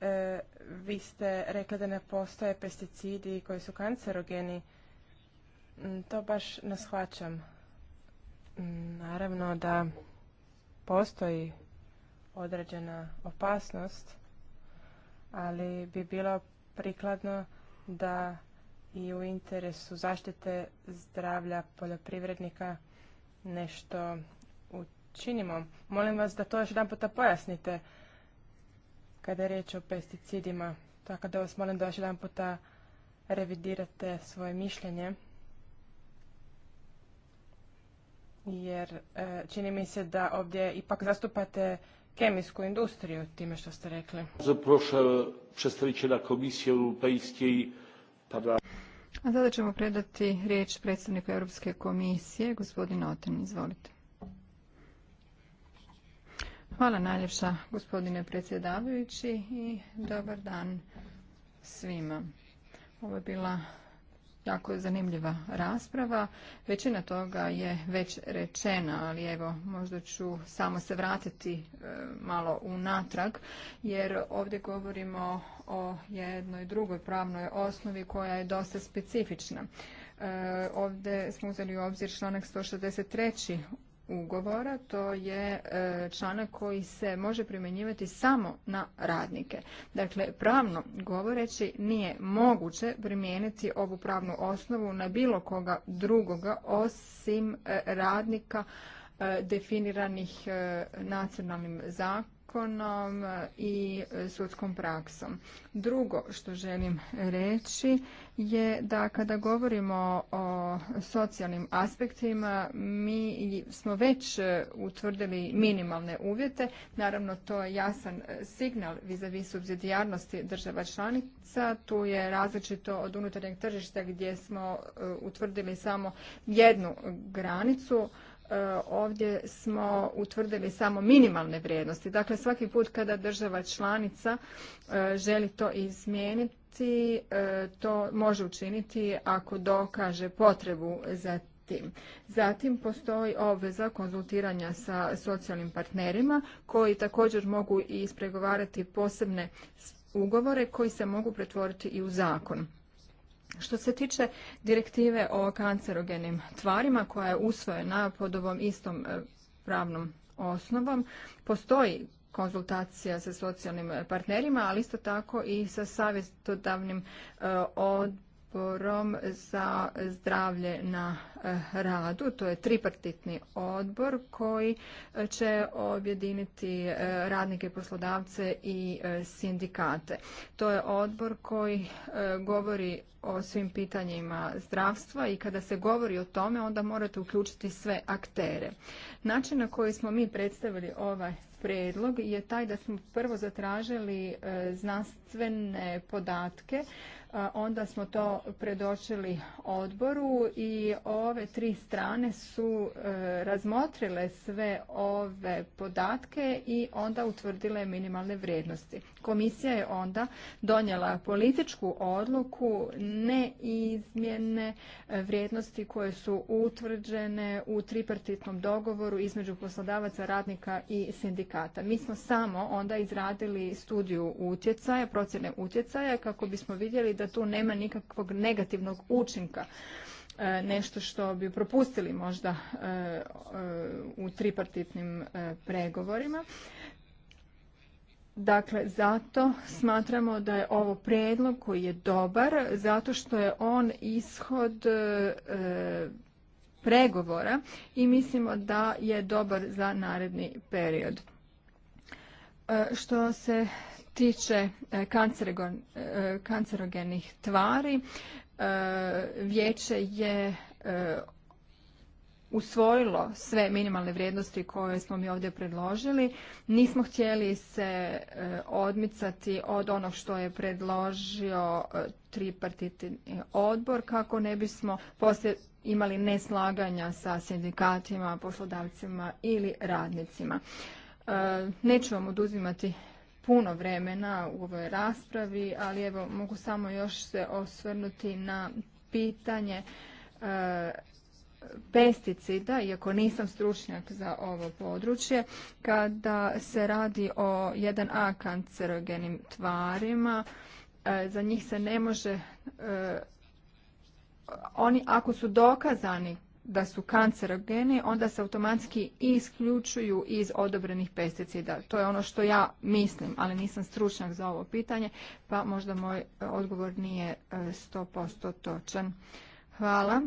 e, vi ste rekli da ne postoje pesticidi koji su kancerogeni to baš ne shvaćam. Naravno da postoji određena opasnost, ali bi bilo prikladno da i u interesu zaštite zdravlja poljoprivrednika nešto učinimo. Molim vas da to još jedan puta pojasnite kada je riječ o pesticidima. Tako da vas molim da još jedan puta revidirate svoje mišljenje. jer e, čini mi se da ovdje ipak zastupate kemijsku industriju time što ste rekli.
Zaproszę komisije Europejske i
A sada
ćemo predati
riječ predstavniku Europske komisije, gospodin Oten, izvolite. Hvala najljepša gospodine predsjedavajući i dobar dan svima. Ovo je bila jako zanimljiva rasprava. Većina toga je već rečena, ali evo možda ću samo se vratiti e, malo unatrag, jer ovdje govorimo o jednoj drugoj pravnoj osnovi koja je dosta specifična. E, ovdje smo uzeli u obzir članak 163 ugovora, to je e, članak koji se može primjenjivati samo na radnike. Dakle, pravno govoreći nije moguće primijeniti ovu pravnu osnovu na bilo koga drugoga osim e, radnika e, definiranih nacionalnim zakonom zakonom i sudskom praksom. Drugo što želim reći je da kada govorimo o socijalnim aspektima mi smo već utvrdili minimalne uvjete. Naravno to je jasan signal vis-a vis subsidijarnosti država članica. Tu je različito od unutarnjeg tržišta gdje smo e, utvrdili samo jednu granicu E, ovdje smo utvrdili samo minimalne vrijednosti. Dakle, svaki put kada država članica e, želi to izmijeniti, e, to može učiniti ako dokaže potrebu za tim. Zatim postoji obveza konzultiranja sa socijalnim partnerima koji također mogu ispregovarati posebne ugovore koji se mogu pretvoriti i u zakon. Što se tiče direktive o kancerogenim tvarima koja je usvojena pod ovom istom e, pravnom osnovom, postoji konzultacija sa socijalnim partnerima, ali isto tako i sa savjetodavnim e, odborom za zdravlje na eh, radu. To je tripartitni odbor koji eh, će objediniti eh, radnike, poslodavce i sindikate. To je odbor koji govori o svim pitanjima zdravstva i kada se govori o tome onda morate uključiti sve aktere. Način na koji smo mi predstavili ovaj predlog je taj da smo prvo zatražili znanstvene podatke onda smo to predočili odboru i ove tri strane su e, razmotrile sve ove podatke i onda utvrdile minimalne vrijednosti. Komisija je onda donijela političku odluku neizmjene e, vrijednosti koje su utvrđene u tripartitnom dogovoru između poslodavaca, radnika i sindikata. Mi smo samo onda izradili studiju utjecaja, procjene utjecaja kako bismo vidjeli da tu nema nikakvog negativnog učinka e, nešto što bi propustili možda e, e, u tripartitnim pregovorima. Dakle, zato smatramo da je ovo predlog koji je dobar, zato što je on ishod pregovora i mislimo da je dobar za naredni period. E, što se tiče e, e, kancerogenih tvari, vijeće je usvojilo sve minimalne vrijednosti koje smo mi ovdje predložili. Nismo htjeli se odmicati od onog što je predložio tripartitni odbor kako ne bismo poslije imali neslaganja sa sindikatima, poslodavcima ili radnicima. E, neću vam oduzimati puno vremena u ovoj raspravi, ali evo mogu samo još se osvrnuti na pitanje e, pesticida, iako nisam stručnjak za ovo područje, kada se radi o 1A kancerogenim tvarima, e, za njih se ne može, oni ako su dokazani da su kancerogeni, onda se automatski isključuju iz odobrenih pesticida. To je ono što ja mislim, ali nisam stručnjak za ovo pitanje, pa možda moj e, odgovor nije 100% e, točan. Hvala.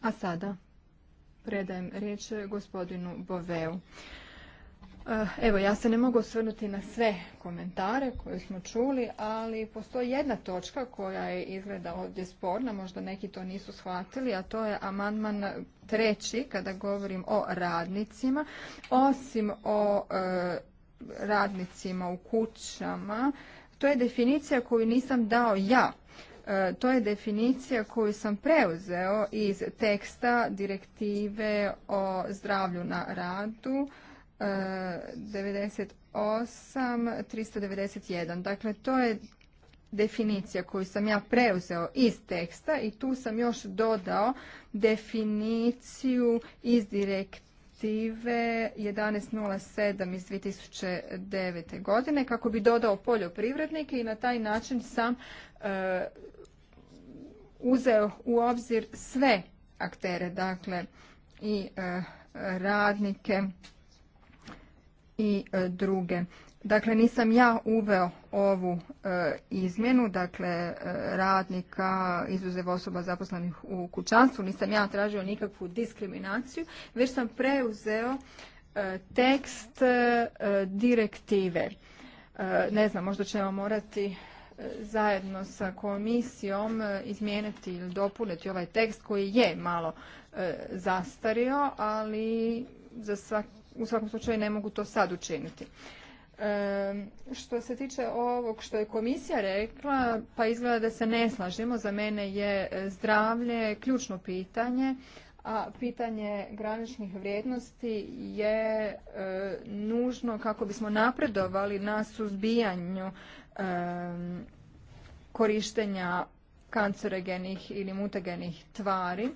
A sada predajem riječ gospodinu Boveu. Eh, evo, ja se ne mogu osvrnuti na sve komentare koje smo čuli, ali postoji jedna točka koja je izgleda ovdje sporna, možda neki to nisu shvatili, a to je amandman treći kada govorim o radnicima. Osim o eh, radnicima u kućama, to je definicija koju nisam dao ja. Eh, to je definicija koju sam preuzeo iz teksta direktive o zdravlju na radu 98, 391. Dakle, to je definicija koju sam ja preuzeo iz teksta i tu sam još dodao definiciju iz direktive 1107 iz 2009. godine kako bi dodao poljoprivrednike i na taj način sam e, uzeo u obzir sve aktere, dakle i e, radnike i e, druge. Dakle, nisam ja uveo ovu e, izmjenu, dakle, e, radnika, izuzev osoba zaposlenih u kućanstvu, nisam ja tražio nikakvu diskriminaciju, već sam preuzeo tekst direktive. Ne znam, možda ćemo morati zajedno sa komisijom izmijeniti ili dopuniti ovaj tekst koji je malo zastario, ali za svaki u svakom slučaju ne mogu to sad učiniti. E, što se tiče ovog što je komisija rekla, pa izgleda da se ne slažemo. Za mene je zdravlje ključno pitanje, a pitanje graničnih vrijednosti je e, nužno kako bismo napredovali na suzbijanju e, korištenja kancerogenih ili mutagenih tvari.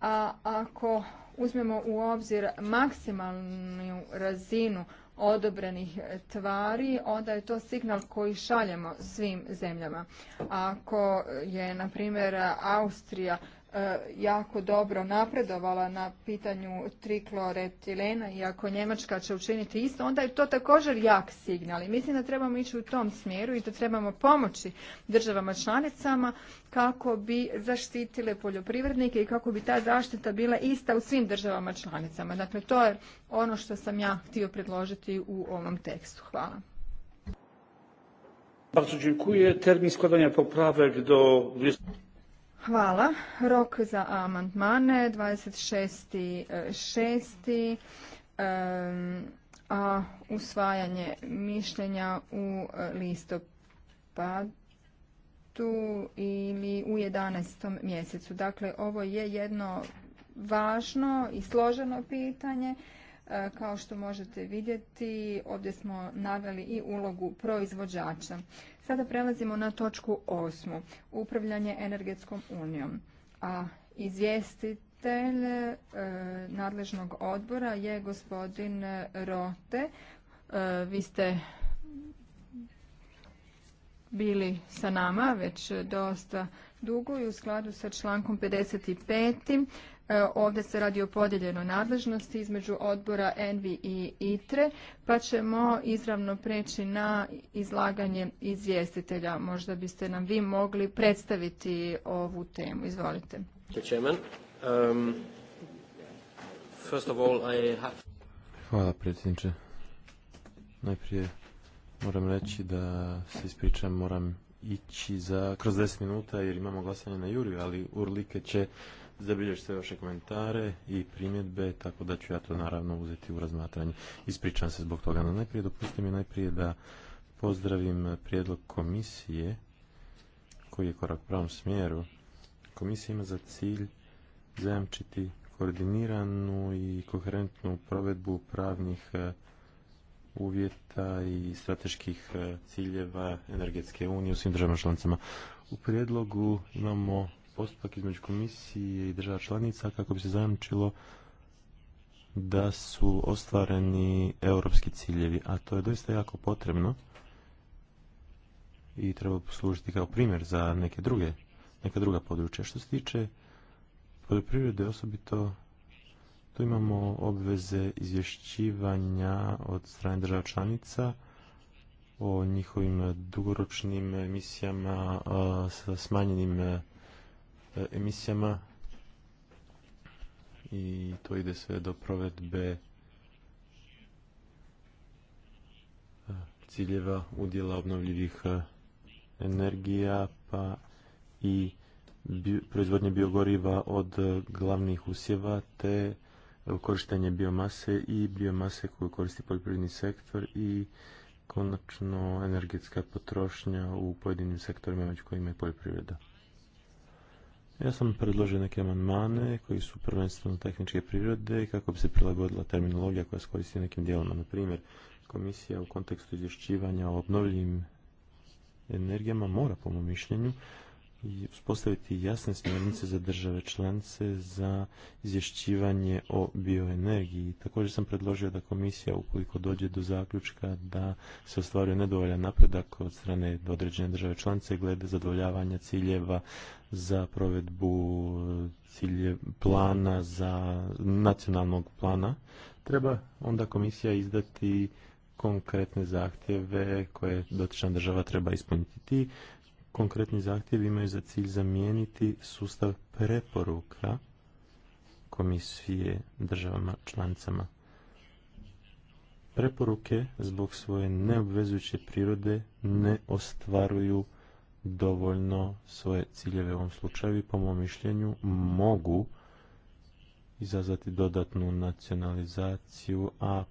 A ako uzmemo u obzir maksimalnu razinu odobrenih tvari, onda je to signal koji šaljemo svim zemljama. Ako je, na primjer, Austrija E, jako dobro napredovala na pitanju trikloretilena i ako Njemačka će učiniti isto, onda je to također jak signal. I mislim da trebamo ići u tom smjeru i da trebamo pomoći državama članicama kako bi zaštitile poljoprivrednike i kako bi ta zaštita bila ista u svim državama članicama. Dakle, to je ono što sam ja htio predložiti u ovom tekstu. Hvala.
Bardzo dziękuję. Termin składania poprawek do
Hvala. Rok za amandmane 26.6. Eh, eh, a usvajanje mišljenja u eh, listopadu ili u 11. mjesecu. Dakle, ovo je jedno važno i složeno pitanje. kao što možete vidjeti, ovdje smo naveli i ulogu proizvođača. Sada prelazimo na točku osmu. Upravljanje energetskom unijom. A izvjestitelj e, nadležnog odbora je gospodin Rote. E, vi ste bili sa nama već dosta dugo i u skladu sa člankom 55. E, ovdje se radi o podijeljenoj nadležnosti između odbora ENVI i ITRE, pa ćemo izravno preći na izlaganje izvjestitelja. Možda biste nam vi mogli predstaviti ovu temu. Izvolite.
Um, Hvala predsjedniče. Najprije moram reći da se ispričam, moram ići za, kroz 10 minuta jer imamo glasanje na Juriju, ali Urlike će sve vaše komentare i primjedbe, tako da ću ja to naravno uzeti u razmatranje. Ispričam se zbog toga. najprije dopustite mi najprije da pozdravim prijedlog komisije koji je korak u pravom smjeru. Komisija ima za cilj zajamčiti koordiniranu i koherentnu provedbu pravnih e, uvjeta i strateških e, ciljeva energetske unije u svim državama članicama. U prijedlogu imamo postupak između komisije i država članica kako bi se zajamčilo da su ostvareni europski ciljevi, a to je doista jako potrebno i treba poslužiti kao primjer za neke druge, neka druga područja. Što se tiče poljoprivrede, osobito tu imamo obveze izvješćivanja od strane država članica o njihovim dugoročnim emisijama sa smanjenim E, emisijama i to ide sve do provedbe e, ciljeva udjela obnovljivih e, energija pa i proizvodnje biogoriva od glavnih usjeva te korištenje biomase i biomase koju koristi poljoprivredni sektor i konačno energetska potrošnja u pojedinim sektorima među kojima je poljoprivreda. Ja sam predložio neke amandmane koji su prvenstveno tehničke prirode i kako bi se prilagodila terminologija koja se koristi nekim dijelama. Na primjer, komisija u kontekstu izvješćivanja o obnovljivim energijama mora, po mom mišljenju, i uspostaviti jasne smjernice za države članice za izvješćivanje o bioenergiji. Također sam predložio da komisija, ukoliko dođe do zaključka da se ostvaruje nedovoljan napredak od strane određene države članice glede zadovoljavanja ciljeva za provedbu cilje plana za nacionalnog plana, treba onda komisija izdati konkretne zahtjeve koje dotična država treba ispuniti. Ti konkretni zahtjevi imaju za cilj zamijeniti sustav preporuka komisije državama članicama. Preporuke zbog svoje neobvezujuće prirode ne ostvaruju dovoljno svoje ciljeve u ovom slučaju i po mom mišljenju mogu izazvati dodatnu nacionalizaciju, a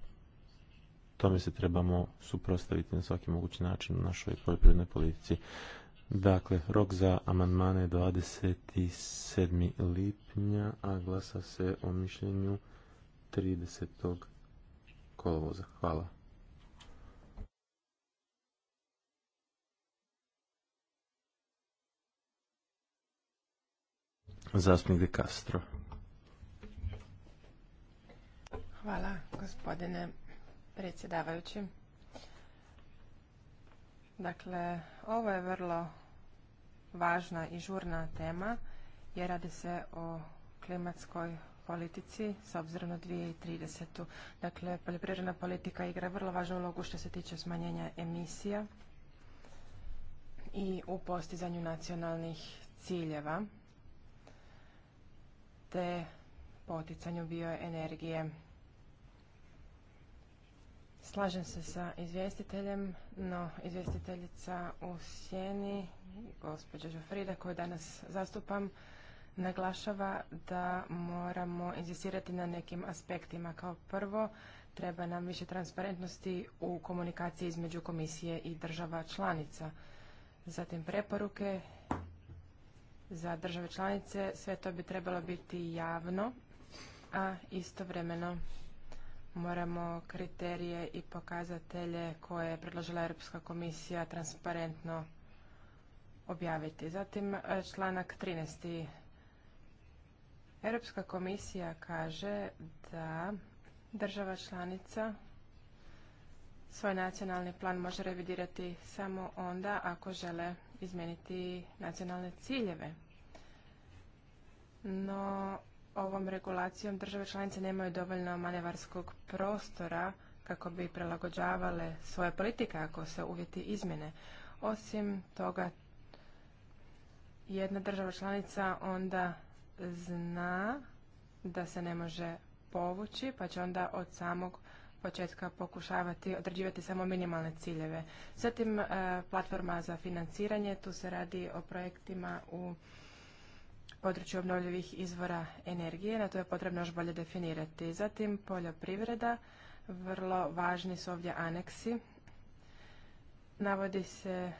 tome se trebamo suprostaviti na svaki mogući način u našoj poljoprivrednoj politici. Dakle, rok za amandmane je 27. lipnja, a glasa se o mišljenju 30. kolovoza. Hvala. Zastupnik De Castro.
Hvala, gospodine predsjedavajući. Dakle, ovo je vrlo važna i žurna tema jer radi se o klimatskoj politici s obzirom na 2030. Dakle, poljoprivredna politika igra vrlo važnu ulogu što se tiče smanjenja emisija i u postizanju nacionalnih ciljeva te poticanju bioenergije Slažem se sa izvjestiteljem, no izvjestiteljica u sjeni, gospođa Žofrida, koju danas zastupam, naglašava da moramo inzistirati na nekim aspektima. Kao prvo, treba nam više transparentnosti u komunikaciji između komisije i država članica. Zatim preporuke za države članice, sve to bi trebalo biti javno, a istovremeno moramo kriterije i pokazatelje koje je predložila Europska komisija transparentno objaviti. Zatim e, članak 13. Europska komisija kaže da država članica svoj nacionalni plan može revidirati samo onda ako žele izmijeniti nacionalne ciljeve. No, ovom regulacijom države članice nemaju dovoljno manevarskog prostora kako bi prilagođavale svoje politike ako se uvjeti izmjene. Osim toga, jedna država članica onda zna da se ne može povući, pa će onda od samog početka pokušavati određivati samo minimalne ciljeve. Zatim, e, platforma za financiranje, tu se radi o projektima u području obnovljivih izvora energije, na to je potrebno još bolje definirati. Zatim poljoprivreda, vrlo važni su ovdje aneksi. Navodi se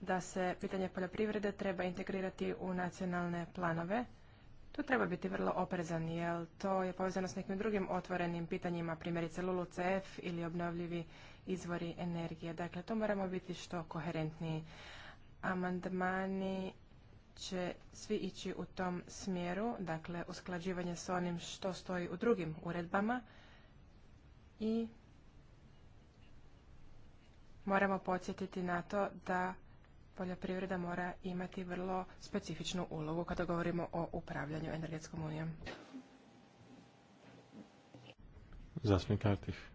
da se pitanje poljoprivrede treba integrirati u nacionalne planove. Tu treba biti vrlo oprezan, jer to je povezano s nekim drugim otvorenim pitanjima, primjerice LULUCF ili obnovljivi izvori energije. Dakle, to moramo biti što koherentniji. Amandmani će svi ići u tom smjeru, dakle usklađivanje s onim što stoji u drugim uredbama i moramo podsjetiti na to da poljoprivreda mora imati vrlo specifičnu ulogu kada govorimo o upravljanju energetskom unijom.
Kartih.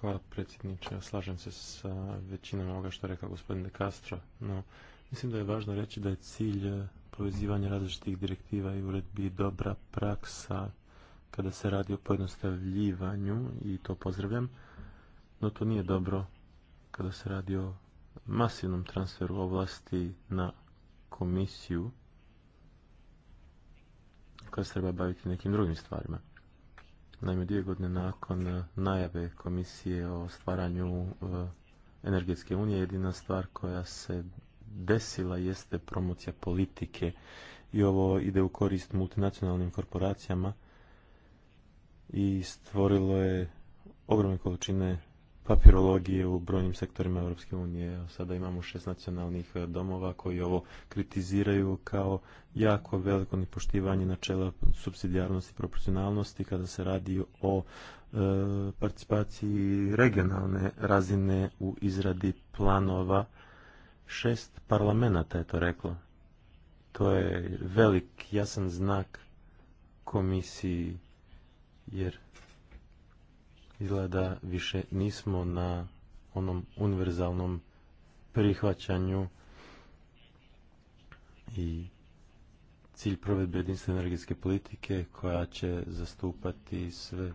Hvala predsjedniče. Slažem se sa većinom ovoga što je rekao gospodin De Castro, no Mislim da je važno reći da je cilj eh, povezivanja različitih direktiva i uredbi dobra praksa kada se radi o pojednostavljivanju i to pozdravljam, no to nije dobro kada se radi o masivnom transferu ovlasti na komisiju koja se treba baviti nekim drugim stvarima. Naime, dvije godine nakon eh, najave komisije o stvaranju eh, energetske unije jedina stvar koja se desila jeste promocija politike i ovo ide u korist multinacionalnim korporacijama i stvorilo je ogromne količine papirologije u brojnim sektorima Europske unije. Sada imamo šest nacionalnih e, domova koji ovo kritiziraju kao jako veliko nepoštivanje načela subsidijarnosti i proporcionalnosti kada se radi o e, participaciji regionalne razine u izradi planova Šest parlamenta je to reklo. To je velik, jasan znak komisiji, jer izgleda više nismo na onom univerzalnom prihvaćanju i cilj provedbe jedinstvene energetske politike koja će zastupati sve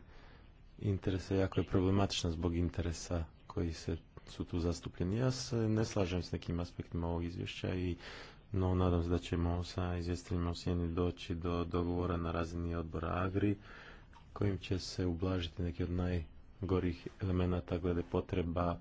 interese jako je problematična zbog interesa koji se su tu zastupljeni. Ja se ne slažem s nekim aspektima ovog izvješća i no nadam se da ćemo sa izvjestiteljima u Sjeni doći do dogovora na razini odbora Agri kojim će se ublažiti neki od najgorih elemenata glede potreba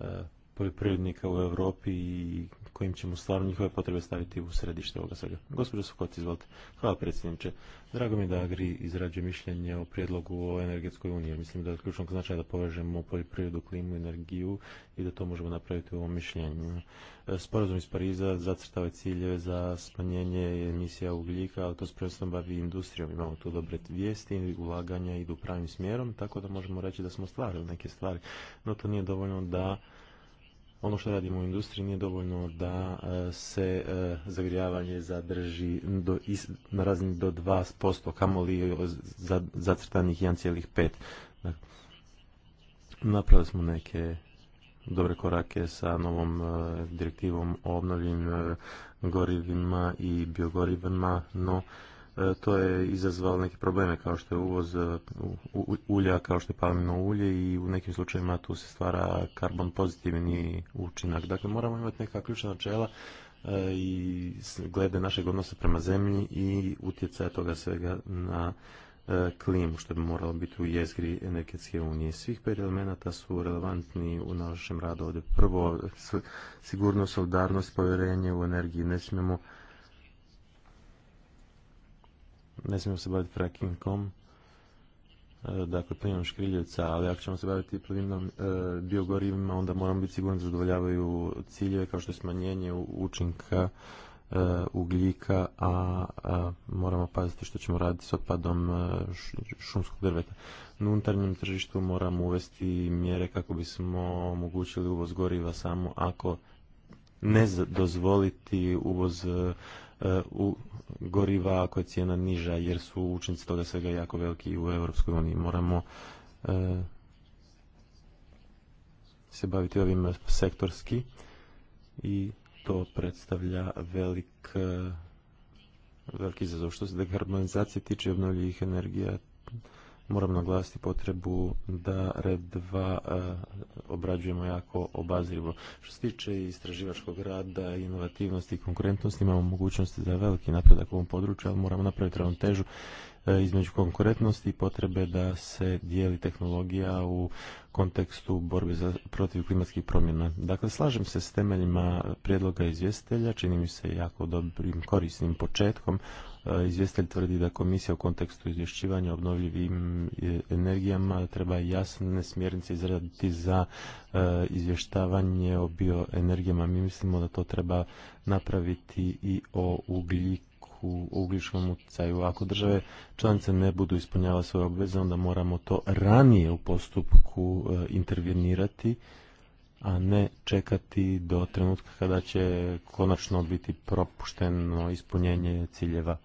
eh, poljoprivrednika u Europi i kojim ćemo stvarno njihove potrebe staviti u središte ovoga svega. Gospođo Sokot, izvolite. Hvala predsjedniče. Drago mi je da Agri izrađuje mišljenje o prijedlogu o energetskoj uniji. Mislim da je ključnog značaja da povežemo poljoprivredu, klimu, energiju i da to možemo napraviti u ovom mišljenju. Sporazum iz Pariza zacrtava ciljeve za smanjenje emisija ugljika, ali to s bavi industrijom. Imamo tu dobre vijesti ulaganja idu pravim smjerom, tako da možemo reći da smo stvarili neke stvari. No to nije dovoljno da ono što radimo u industriji nije dovoljno da e, se e, zagrijavanje zadrži do, na razini do 2%, kamoli zacrtanih 1,5%. napravili smo neke dobre korake sa novom e, direktivom o obnovljenim gorivima i biogorivima, no E, to je izazvalo neke probleme kao što je uvoz e, ulja, kao što je palmino ulje i u nekim slučajevima tu se stvara karbon pozitivni učinak. Dakle, moramo imati neka ključna načela e, i glede našeg odnosa prema zemlji i utjecaja toga svega na klimu, što bi moralo biti u jezgri energetske unije. Svih pet elemenata su relevantni u našem radu ovdje. Prvo, sigurnost, solidarnost, povjerenje u energiji. Ne smijemo ne smijemo se baviti frackingom, e, dakle plinom škriljevca, ali ako ćemo se baviti plinom e, biogorivima, onda moramo biti sigurni da zadovoljavaju ciljeve kao što je smanjenje učinka e, ugljika, a, moramo paziti što ćemo raditi s otpadom šumskog drveta. Na unutarnjem tržištu moramo uvesti mjere kako bismo omogućili uvoz goriva samo ako ne dozvoliti uvoz u goriva ako je cijena niža jer su učinci toga svega jako veliki u Europskoj uniji. Moramo e, se baviti ovim sektorski i to predstavlja velik e, veliki izazov. Što se dekarbonizacije tiče obnovljivih energija, moram naglasiti potrebu da red 2 eh, obrađujemo jako obazrivo. Što se tiče istraživačkog rada, inovativnosti i konkurentnosti, imamo mogućnosti za veliki napredak u ovom području, ali moramo napraviti ravnotežu eh, između konkurentnosti i potrebe da se dijeli tehnologija u kontekstu borbe za, protiv klimatskih promjena. Dakle, slažem se s temeljima prijedloga izvjestitelja, čini mi se jako dobrim, korisnim početkom E, Izvjestelj tvrdi da komisija u kontekstu izvješćivanja obnovljivim e, energijama treba jasne smjernice izraditi za e, izvještavanje o bioenergijama. Mi mislimo da to treba napraviti i o ugljiku, ugljičnom utjecaju. Ako države članice ne budu ispunjavale svoje obveze, onda moramo to ranije u postupku intervenirati a ne čekati do trenutka kada će konačno biti propušteno ispunjenje ciljeva.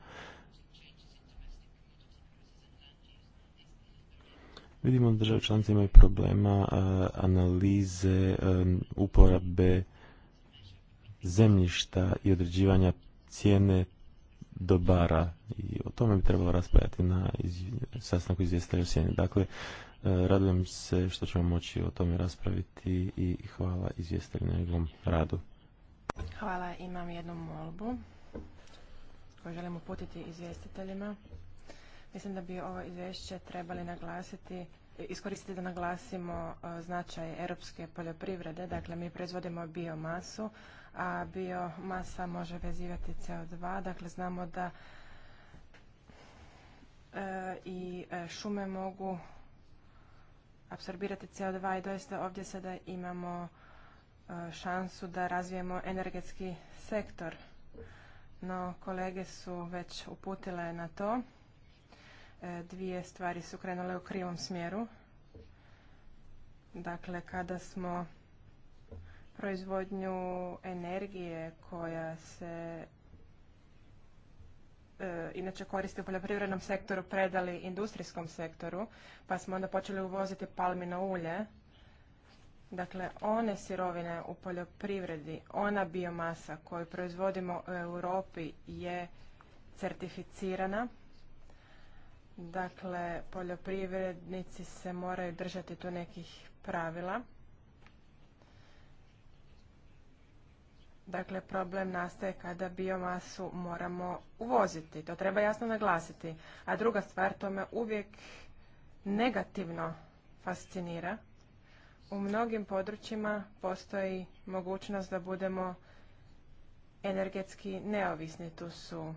Vidimo da države članice imaju problema analize uporabe zemljišta i određivanja cijene dobara i o tome bi trebalo raspravljati na iz, sastanku izvjestelja sjeni. Dakle, e, radujem se što ćemo moći o tome raspraviti i hvala izvjestelju na njegovom radu.
Hvala, imam jednu molbu koju želim uputiti izvjestiteljima. Mislim da bi ovo izvješće trebali naglasiti iskoristiti da naglasimo e, značaj europske poljoprivrede. Dakle, mi proizvodimo biomasu, a biomasa može vezivati CO2. Dakle, znamo da e, i e, šume mogu apsorbirati CO2 i doista ovdje sada imamo šansu da razvijemo energetski sektor. No, kolege su već uputile na to dvije stvari su krenule u krivom smjeru. Dakle, kada smo proizvodnju energije koja se e, inače koristi u poljoprivrednom sektoru predali industrijskom sektoru, pa smo onda počeli uvoziti palmino ulje. Dakle, one sirovine u poljoprivredi, ona biomasa koju proizvodimo u Europi je certificirana Dakle, poljoprivrednici se moraju držati tu nekih pravila. Dakle, problem nastaje kada biomasu moramo uvoziti. To treba jasno naglasiti. A druga stvar, to me uvijek negativno fascinira. U mnogim područjima postoji mogućnost da budemo energetski neovisni. Tu su,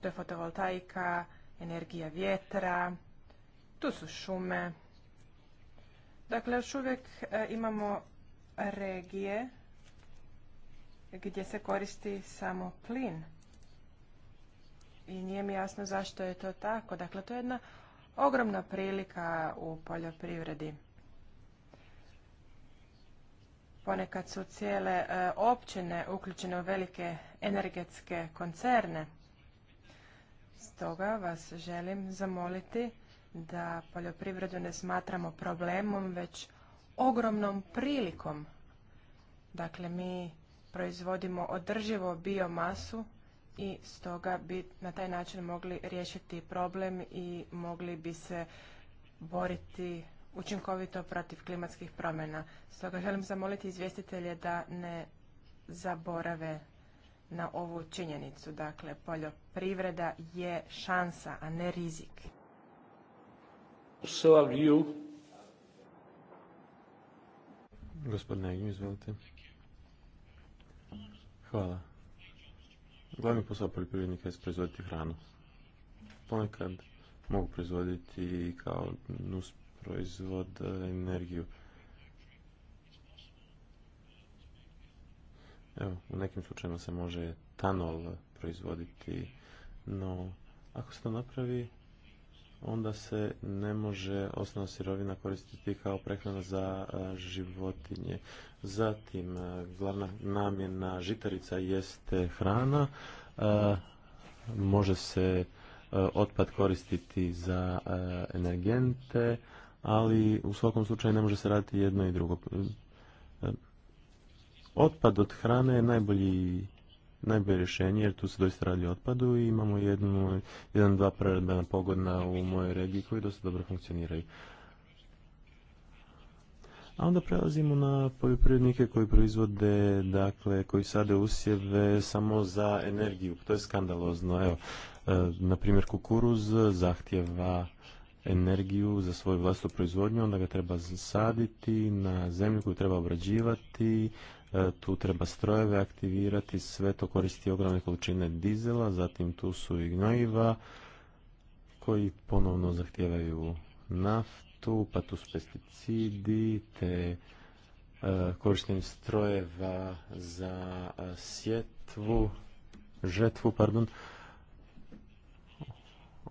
to fotovoltaika, energija vjetra, tu su šume. Dakle, još uvijek e, imamo regije gdje se koristi samo plin. I nije mi jasno zašto je to tako. Dakle, to je jedna ogromna prilika u poljoprivredi. Ponekad su cijele e, općine uključene u velike energetske koncerne. Stoga vas želim zamoliti da poljoprivredu ne smatramo problemom, već ogromnom prilikom. Dakle, mi proizvodimo održivo biomasu i stoga bi na taj način mogli riješiti problem i mogli bi se boriti učinkovito protiv klimatskih promjena. Stoga želim zamoliti izvjestitelje da ne zaborave na ovu činjenicu. Dakle, poljoprivreda je šansa, a ne rizik.
So
Gospodine izvolite. Hvala. Glavni posao poljoprivrednika je proizvoditi hranu. Ponekad mogu proizvoditi kao nus proizvod energiju. Evo, u nekim slučajima se može tanol proizvoditi, no ako se to napravi, onda se ne može osnovna sirovina koristiti kao prehrana za e, životinje. Zatim, e, glavna namjena žitarica jeste hrana, e, može se otpad koristiti za energente, ali u svakom slučaju ne može se raditi jedno i drugo. Otpad od hrane je najbolji najbolje rješenje jer tu se doista radi o otpadu i imamo jednu, jedan, dva preradbena pogodna u mojoj regiji koji dosta dobro funkcioniraju. A onda prelazimo na poljoprivrednike koji proizvode, dakle, koji sade usjeve samo za energiju. To je skandalozno. Evo, e, na primjer, kukuruz zahtjeva energiju za svoju vlastnu proizvodnju, onda ga treba saditi na zemlju koju treba obrađivati, E, tu treba strojeve aktivirati, sve to koristi ogromne količine dizela, zatim tu su i gnojiva koji ponovno zahtijevaju naftu, pa tu su pesticidi, te e, korištenje strojeva za e, sjetvu, žetvu, pardon,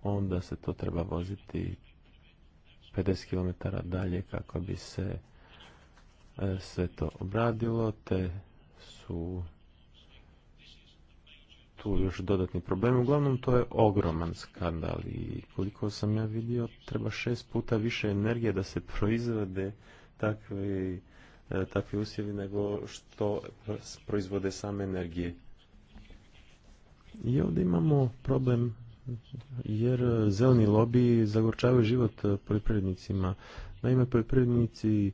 onda se to treba voziti 50 km dalje kako bi se E, sve to obradilo, te su tu još dodatni problem. Uglavnom, to je ogroman skandal i koliko sam ja vidio, treba šest puta više energije da se proizvode takvi e, takvi usjevi nego što proizvode same energije. I ovdje imamo problem jer zeleni lobiji zagorčavaju život poljoprivrednicima. Naime, poljoprivrednici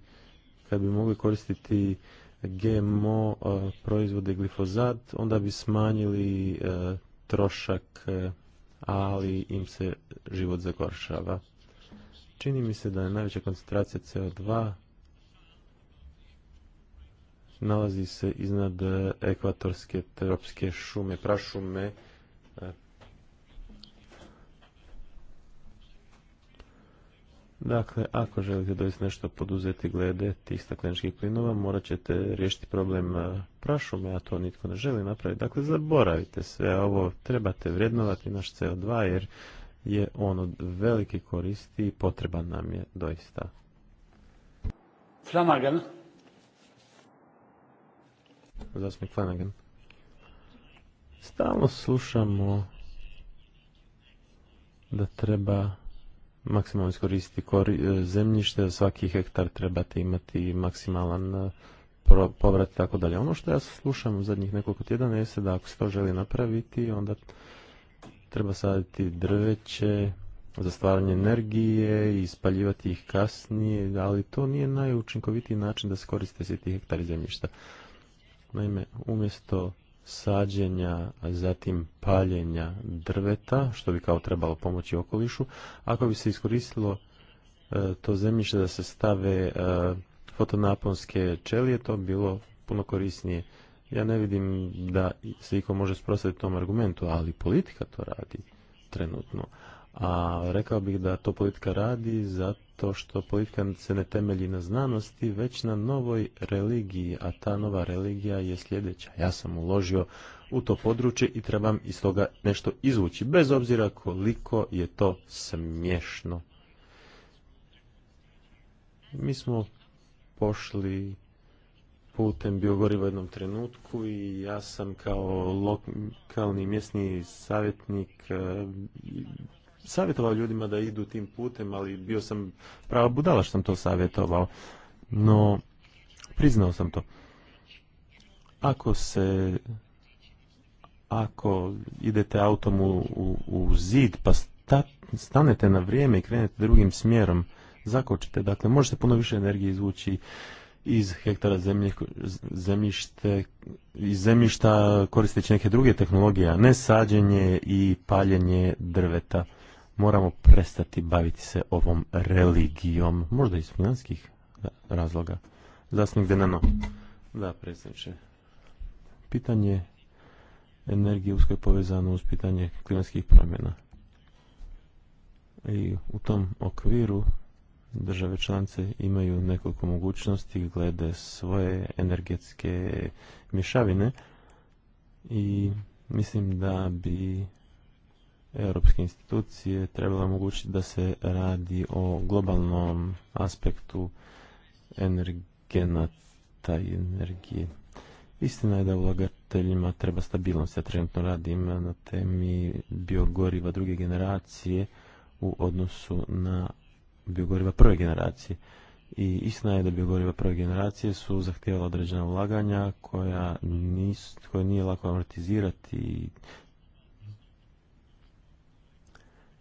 kad bi mogli koristiti GMO proizvode glifozat, onda bi smanjili trošak, ali im se život zagoršava. Čini mi se da je najveća koncentracija CO2 nalazi se iznad e, ekvatorske tropske šume, prašume, Dakle, ako želite doista nešto poduzeti glede tih stakleničkih plinova, morat ćete riješiti problem e, prašume, a to nitko ne želi napraviti. Dakle, zaboravite sve ovo, trebate vrednovati naš CO2 jer je on od velike koristi i potreban nam je doista. Flanagan. Zasmik Flanagan. Stalno slušamo da treba maksimalno iskoristiti e, zemljište, svaki hektar trebate imati maksimalan e, povrat i tako dalje. Ono što ja slušam u zadnjih nekoliko tjedana jeste da ako se to želi napraviti, onda treba saditi drveće za stvaranje energije i spaljivati ih kasnije, ali to nije najučinkovitiji način da se koriste svi ti hektari zemljišta. Naime, umjesto sađenja, zatim paljenja drveta, što bi kao trebalo pomoći okolišu. Ako bi se iskoristilo e, to zemljište da se stave e, fotonaponske čelije, to bi bilo puno korisnije. Ja ne vidim da se iko može sprostati tom argumentu, ali politika to radi trenutno. A rekao bih da to politika radi zato što politika se ne temelji na znanosti, već na novoj religiji, a ta nova religija je sljedeća. Ja sam uložio u to područje i trebam iz toga nešto izvući, bez obzira koliko je to smiješno. Mi smo pošli putem biogoriva u jednom trenutku i ja sam kao lokalni mjesni savjetnik eh, savjetovao ljudima da idu tim putem, ali bio sam prava budala što sam to savjetovao. No, priznao sam to. Ako se ako idete autom u, u, zid pa stanete na vrijeme i krenete drugim smjerom, zakočite. Dakle, možete puno više energije izvući iz hektara zemlje, zemljište, iz zemljišta koristeći neke druge tehnologije, a ne sađenje i paljenje drveta moramo prestati baviti se ovom religijom, možda iz finanskih razloga. Zasnik Denano. Da, predsjedniče. Pitanje energije usko je povezano uz pitanje klimatskih promjena. I u tom okviru države članice imaju nekoliko mogućnosti glede svoje energetske mješavine i mislim da bi europske institucije trebala omogućiti da se radi o globalnom aspektu energenata i energije. Istina je da ulagateljima treba stabilnost. Ja trenutno radim na temi biogoriva druge generacije u odnosu na biogoriva prve generacije. I istina je da biogoriva prve generacije su zahtijevala određena ulaganja koja, koja nije lako amortizirati i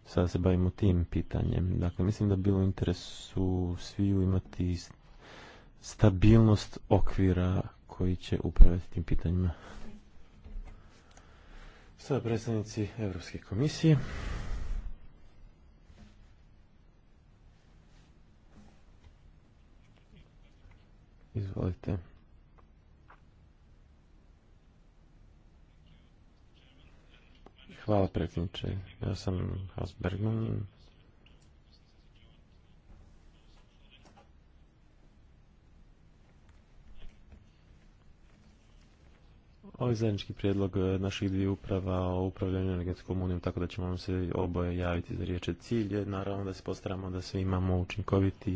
sada se bavimo tim pitanjem. Dakle, mislim da bi bilo interesu sviju imati stabilnost okvira koji će upravljati tim pitanjima. Sada predstavnici Europske komisije. Izvolite. Hvala predsjedniče. Ja sam Hans Bergman. Ovaj zajednički prijedlog e, naših dvije uprava o upravljanju energetskom unijom, tako da ćemo se oboje javiti za riječ cilj. naravno da se postaramo da svi imamo učinkoviti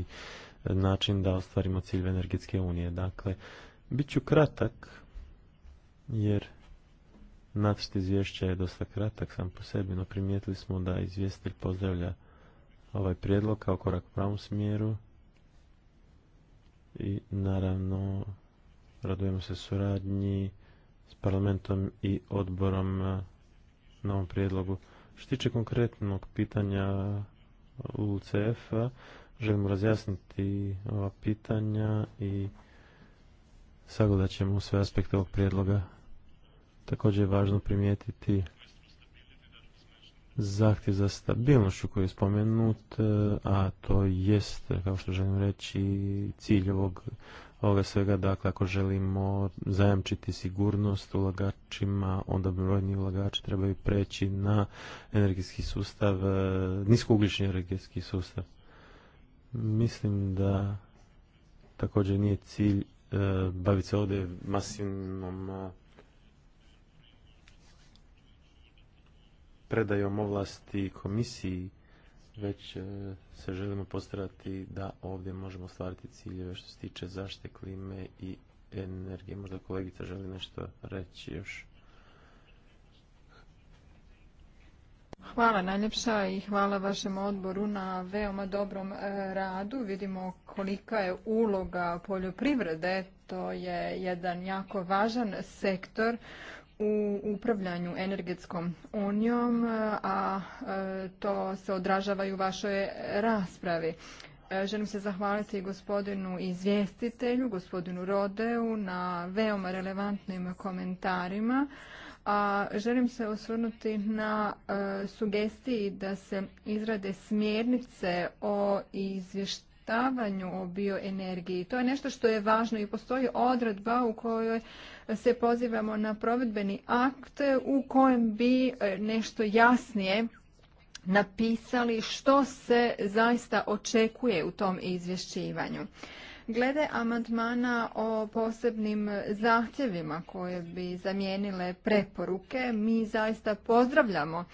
e, način da ostvarimo cilje energetske unije. Dakle, bit ću kratak, jer Nacrt izvješća je dosta kratak sam po sebi, no primijetili smo da izvjestitelj pozdravlja ovaj prijedlog kao korak u pravom smjeru i naravno radujemo se suradnji s parlamentom i odborom eh, na ovom prijedlogu. Što tiče konkretnog pitanja UCF-a, eh, želimo razjasniti ova pitanja i sagledat ćemo sve aspekte ovog prijedloga. Također je važno primijetiti zahtjev za stabilnošću koji je spomenut, e, a to jest, kao što želim reći, cilj ovog, ovoga svega. Dakle, ako želimo zajamčiti sigurnost ulagačima, onda brojni ulagači trebaju preći na energetski sustav, e, niskouglični energetski sustav. Mislim da također nije cilj e, baviti se ovdje masivnom predajom ovlasti komisiji, već e, se želimo postarati da ovdje možemo ostvariti ciljeve što se tiče zaštite klime i energije. Možda kolegica želi nešto reći još.
Hvala najljepša i hvala vašem odboru na veoma dobrom e, radu. Vidimo kolika je uloga poljoprivrede. To je jedan jako važan sektor u upravljanju energetskom unijom, a to se odražava i u vašoj raspravi. E, želim se zahvaliti gospodinu izvjestitelju, gospodinu Rodeu, na veoma relevantnim komentarima. A želim se osvrnuti na e, sugestiji da se izrade smjernice o izvještavanju o bioenergiji. To je nešto što je važno i postoji odredba u kojoj se pozivamo na provedbeni akt u kojem bi e, nešto jasnije napisali što se zaista očekuje u tom izvješćivanju. Glede amandmana o posebnim zahtjevima koje bi zamijenile preporuke, mi zaista pozdravljamo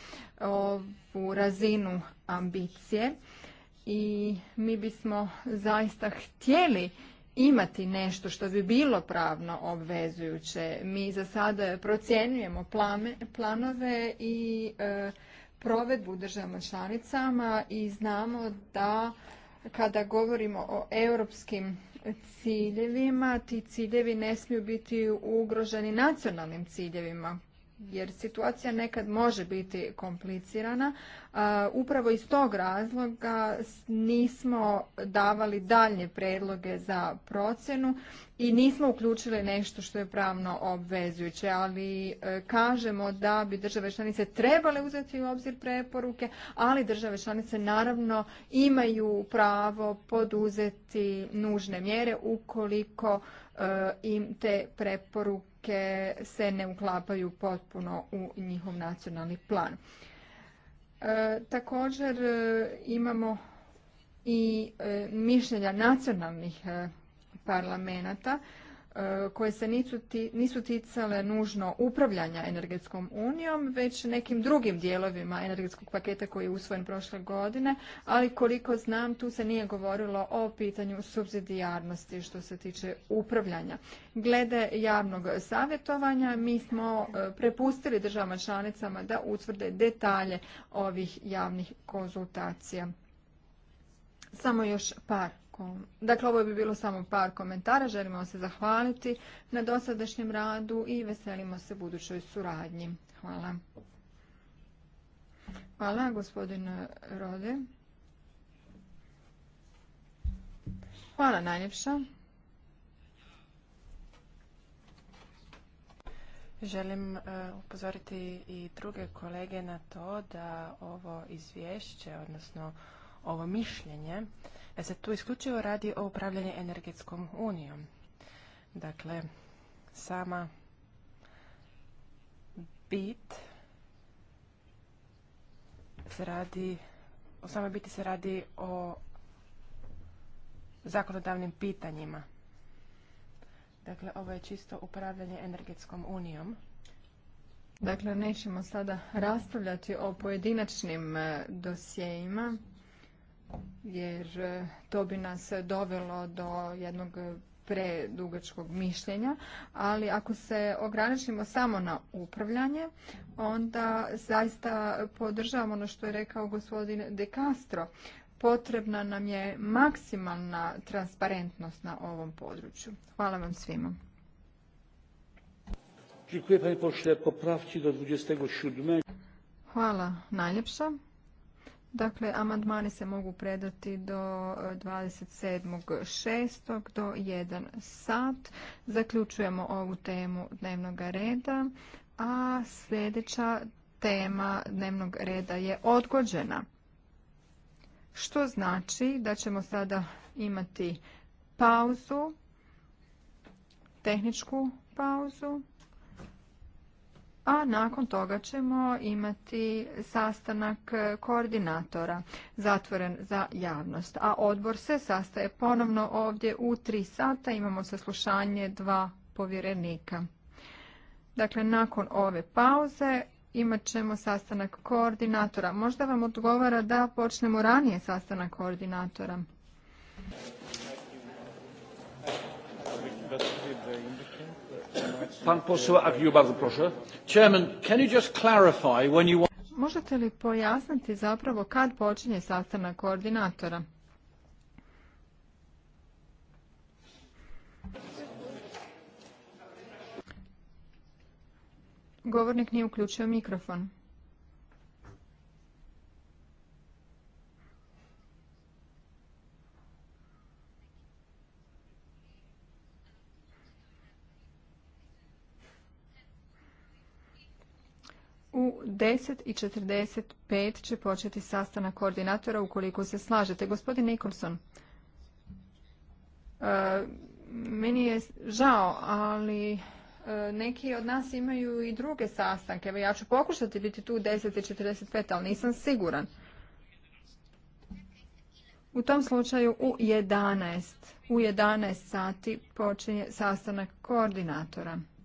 ovu razinu ambicije i mi bismo zaista htjeli imati nešto što bi bilo pravno obvezujuće. Mi za sada procjenjujemo planove i e, provedbu državama članicama i znamo da kada govorimo o europskim ciljevima, ti ciljevi ne smiju biti ugroženi nacionalnim ciljevima jer situacija nekad može biti komplicirana. Upravo iz tog razloga nismo davali daljnje predloge za procjenu i nismo uključili nešto što je pravno obvezujuće, ali e, kažemo da bi države članice trebale uzeti u obzir preporuke, ali države članice naravno imaju pravo poduzeti nužne mjere ukoliko e, im te preporuke politike se ne uklapaju potpuno u njihov nacionalni plan. E, također e, imamo i e, mišljenja nacionalnih parlamenta E, koje se nisu ticale nužno upravljanja energetskom unijom, već nekim drugim dijelovima energetskog paketa koji je usvojen prošle godine, ali koliko znam tu se nije govorilo o pitanju subsidijarnosti što se tiče upravljanja. Glede javnog savjetovanja mi smo e, prepustili državama članicama da utvrde detalje ovih javnih konzultacija. Samo još par Dakle, ovo bi bilo samo par komentara. Želimo se zahvaliti na dosadašnjem radu i veselimo se budućoj suradnji. Hvala. Hvala, gospodin Rode.
Hvala najljepša. Želim e, upozoriti i druge kolege na to da ovo izvješće, odnosno ovo mišljenje, se tu isključivo radi o upravljanju energetskom unijom. Dakle, sama bit se radi, o samoj biti se radi o zakonodavnim pitanjima. Dakle, ovo je čisto upravljanje energetskom unijom.
Dakle, nećemo sada raspravljati o pojedinačnim e, dosjejima jer e, to bi nas dovelo do jednog predugačkog mišljenja, ali ako se ograničimo samo na upravljanje, onda zaista podržavamo ono što je rekao gospodin De Castro. Potrebna nam je maksimalna transparentnost na ovom području. Hvala vam svima. Hvala najljepša. Dakle, amandmani se mogu predati do 27.6. E, do 1 sat. Zaključujemo ovu temu dnevnog reda, a sljedeća tema dnevnog reda je odgođena. Što znači da ćemo sada imati pauzu, tehničku pauzu a nakon toga ćemo imati sastanak koordinatora zatvoren za javnost. A odbor se sastaje ponovno ovdje u tri sata, imamo saslušanje dva povjerenika. Dakle, nakon ove pauze imat ćemo sastanak koordinatora. Možda vam odgovara da počnemo ranije sastanak koordinatora. Možete li pojasniti zapravo kad počinje sastanak koordinatora? Govornik nije uključio mikrofon. u 10.45 će početi sastanak koordinatora ukoliko se slažete. Gospodin Nikolson, e, meni je žao, ali e, neki od nas imaju i druge sastanke. Evo ja ću pokušati biti tu u 10.45, ali nisam siguran. U tom slučaju u 11. U 11 sati počinje sastanak koordinatora.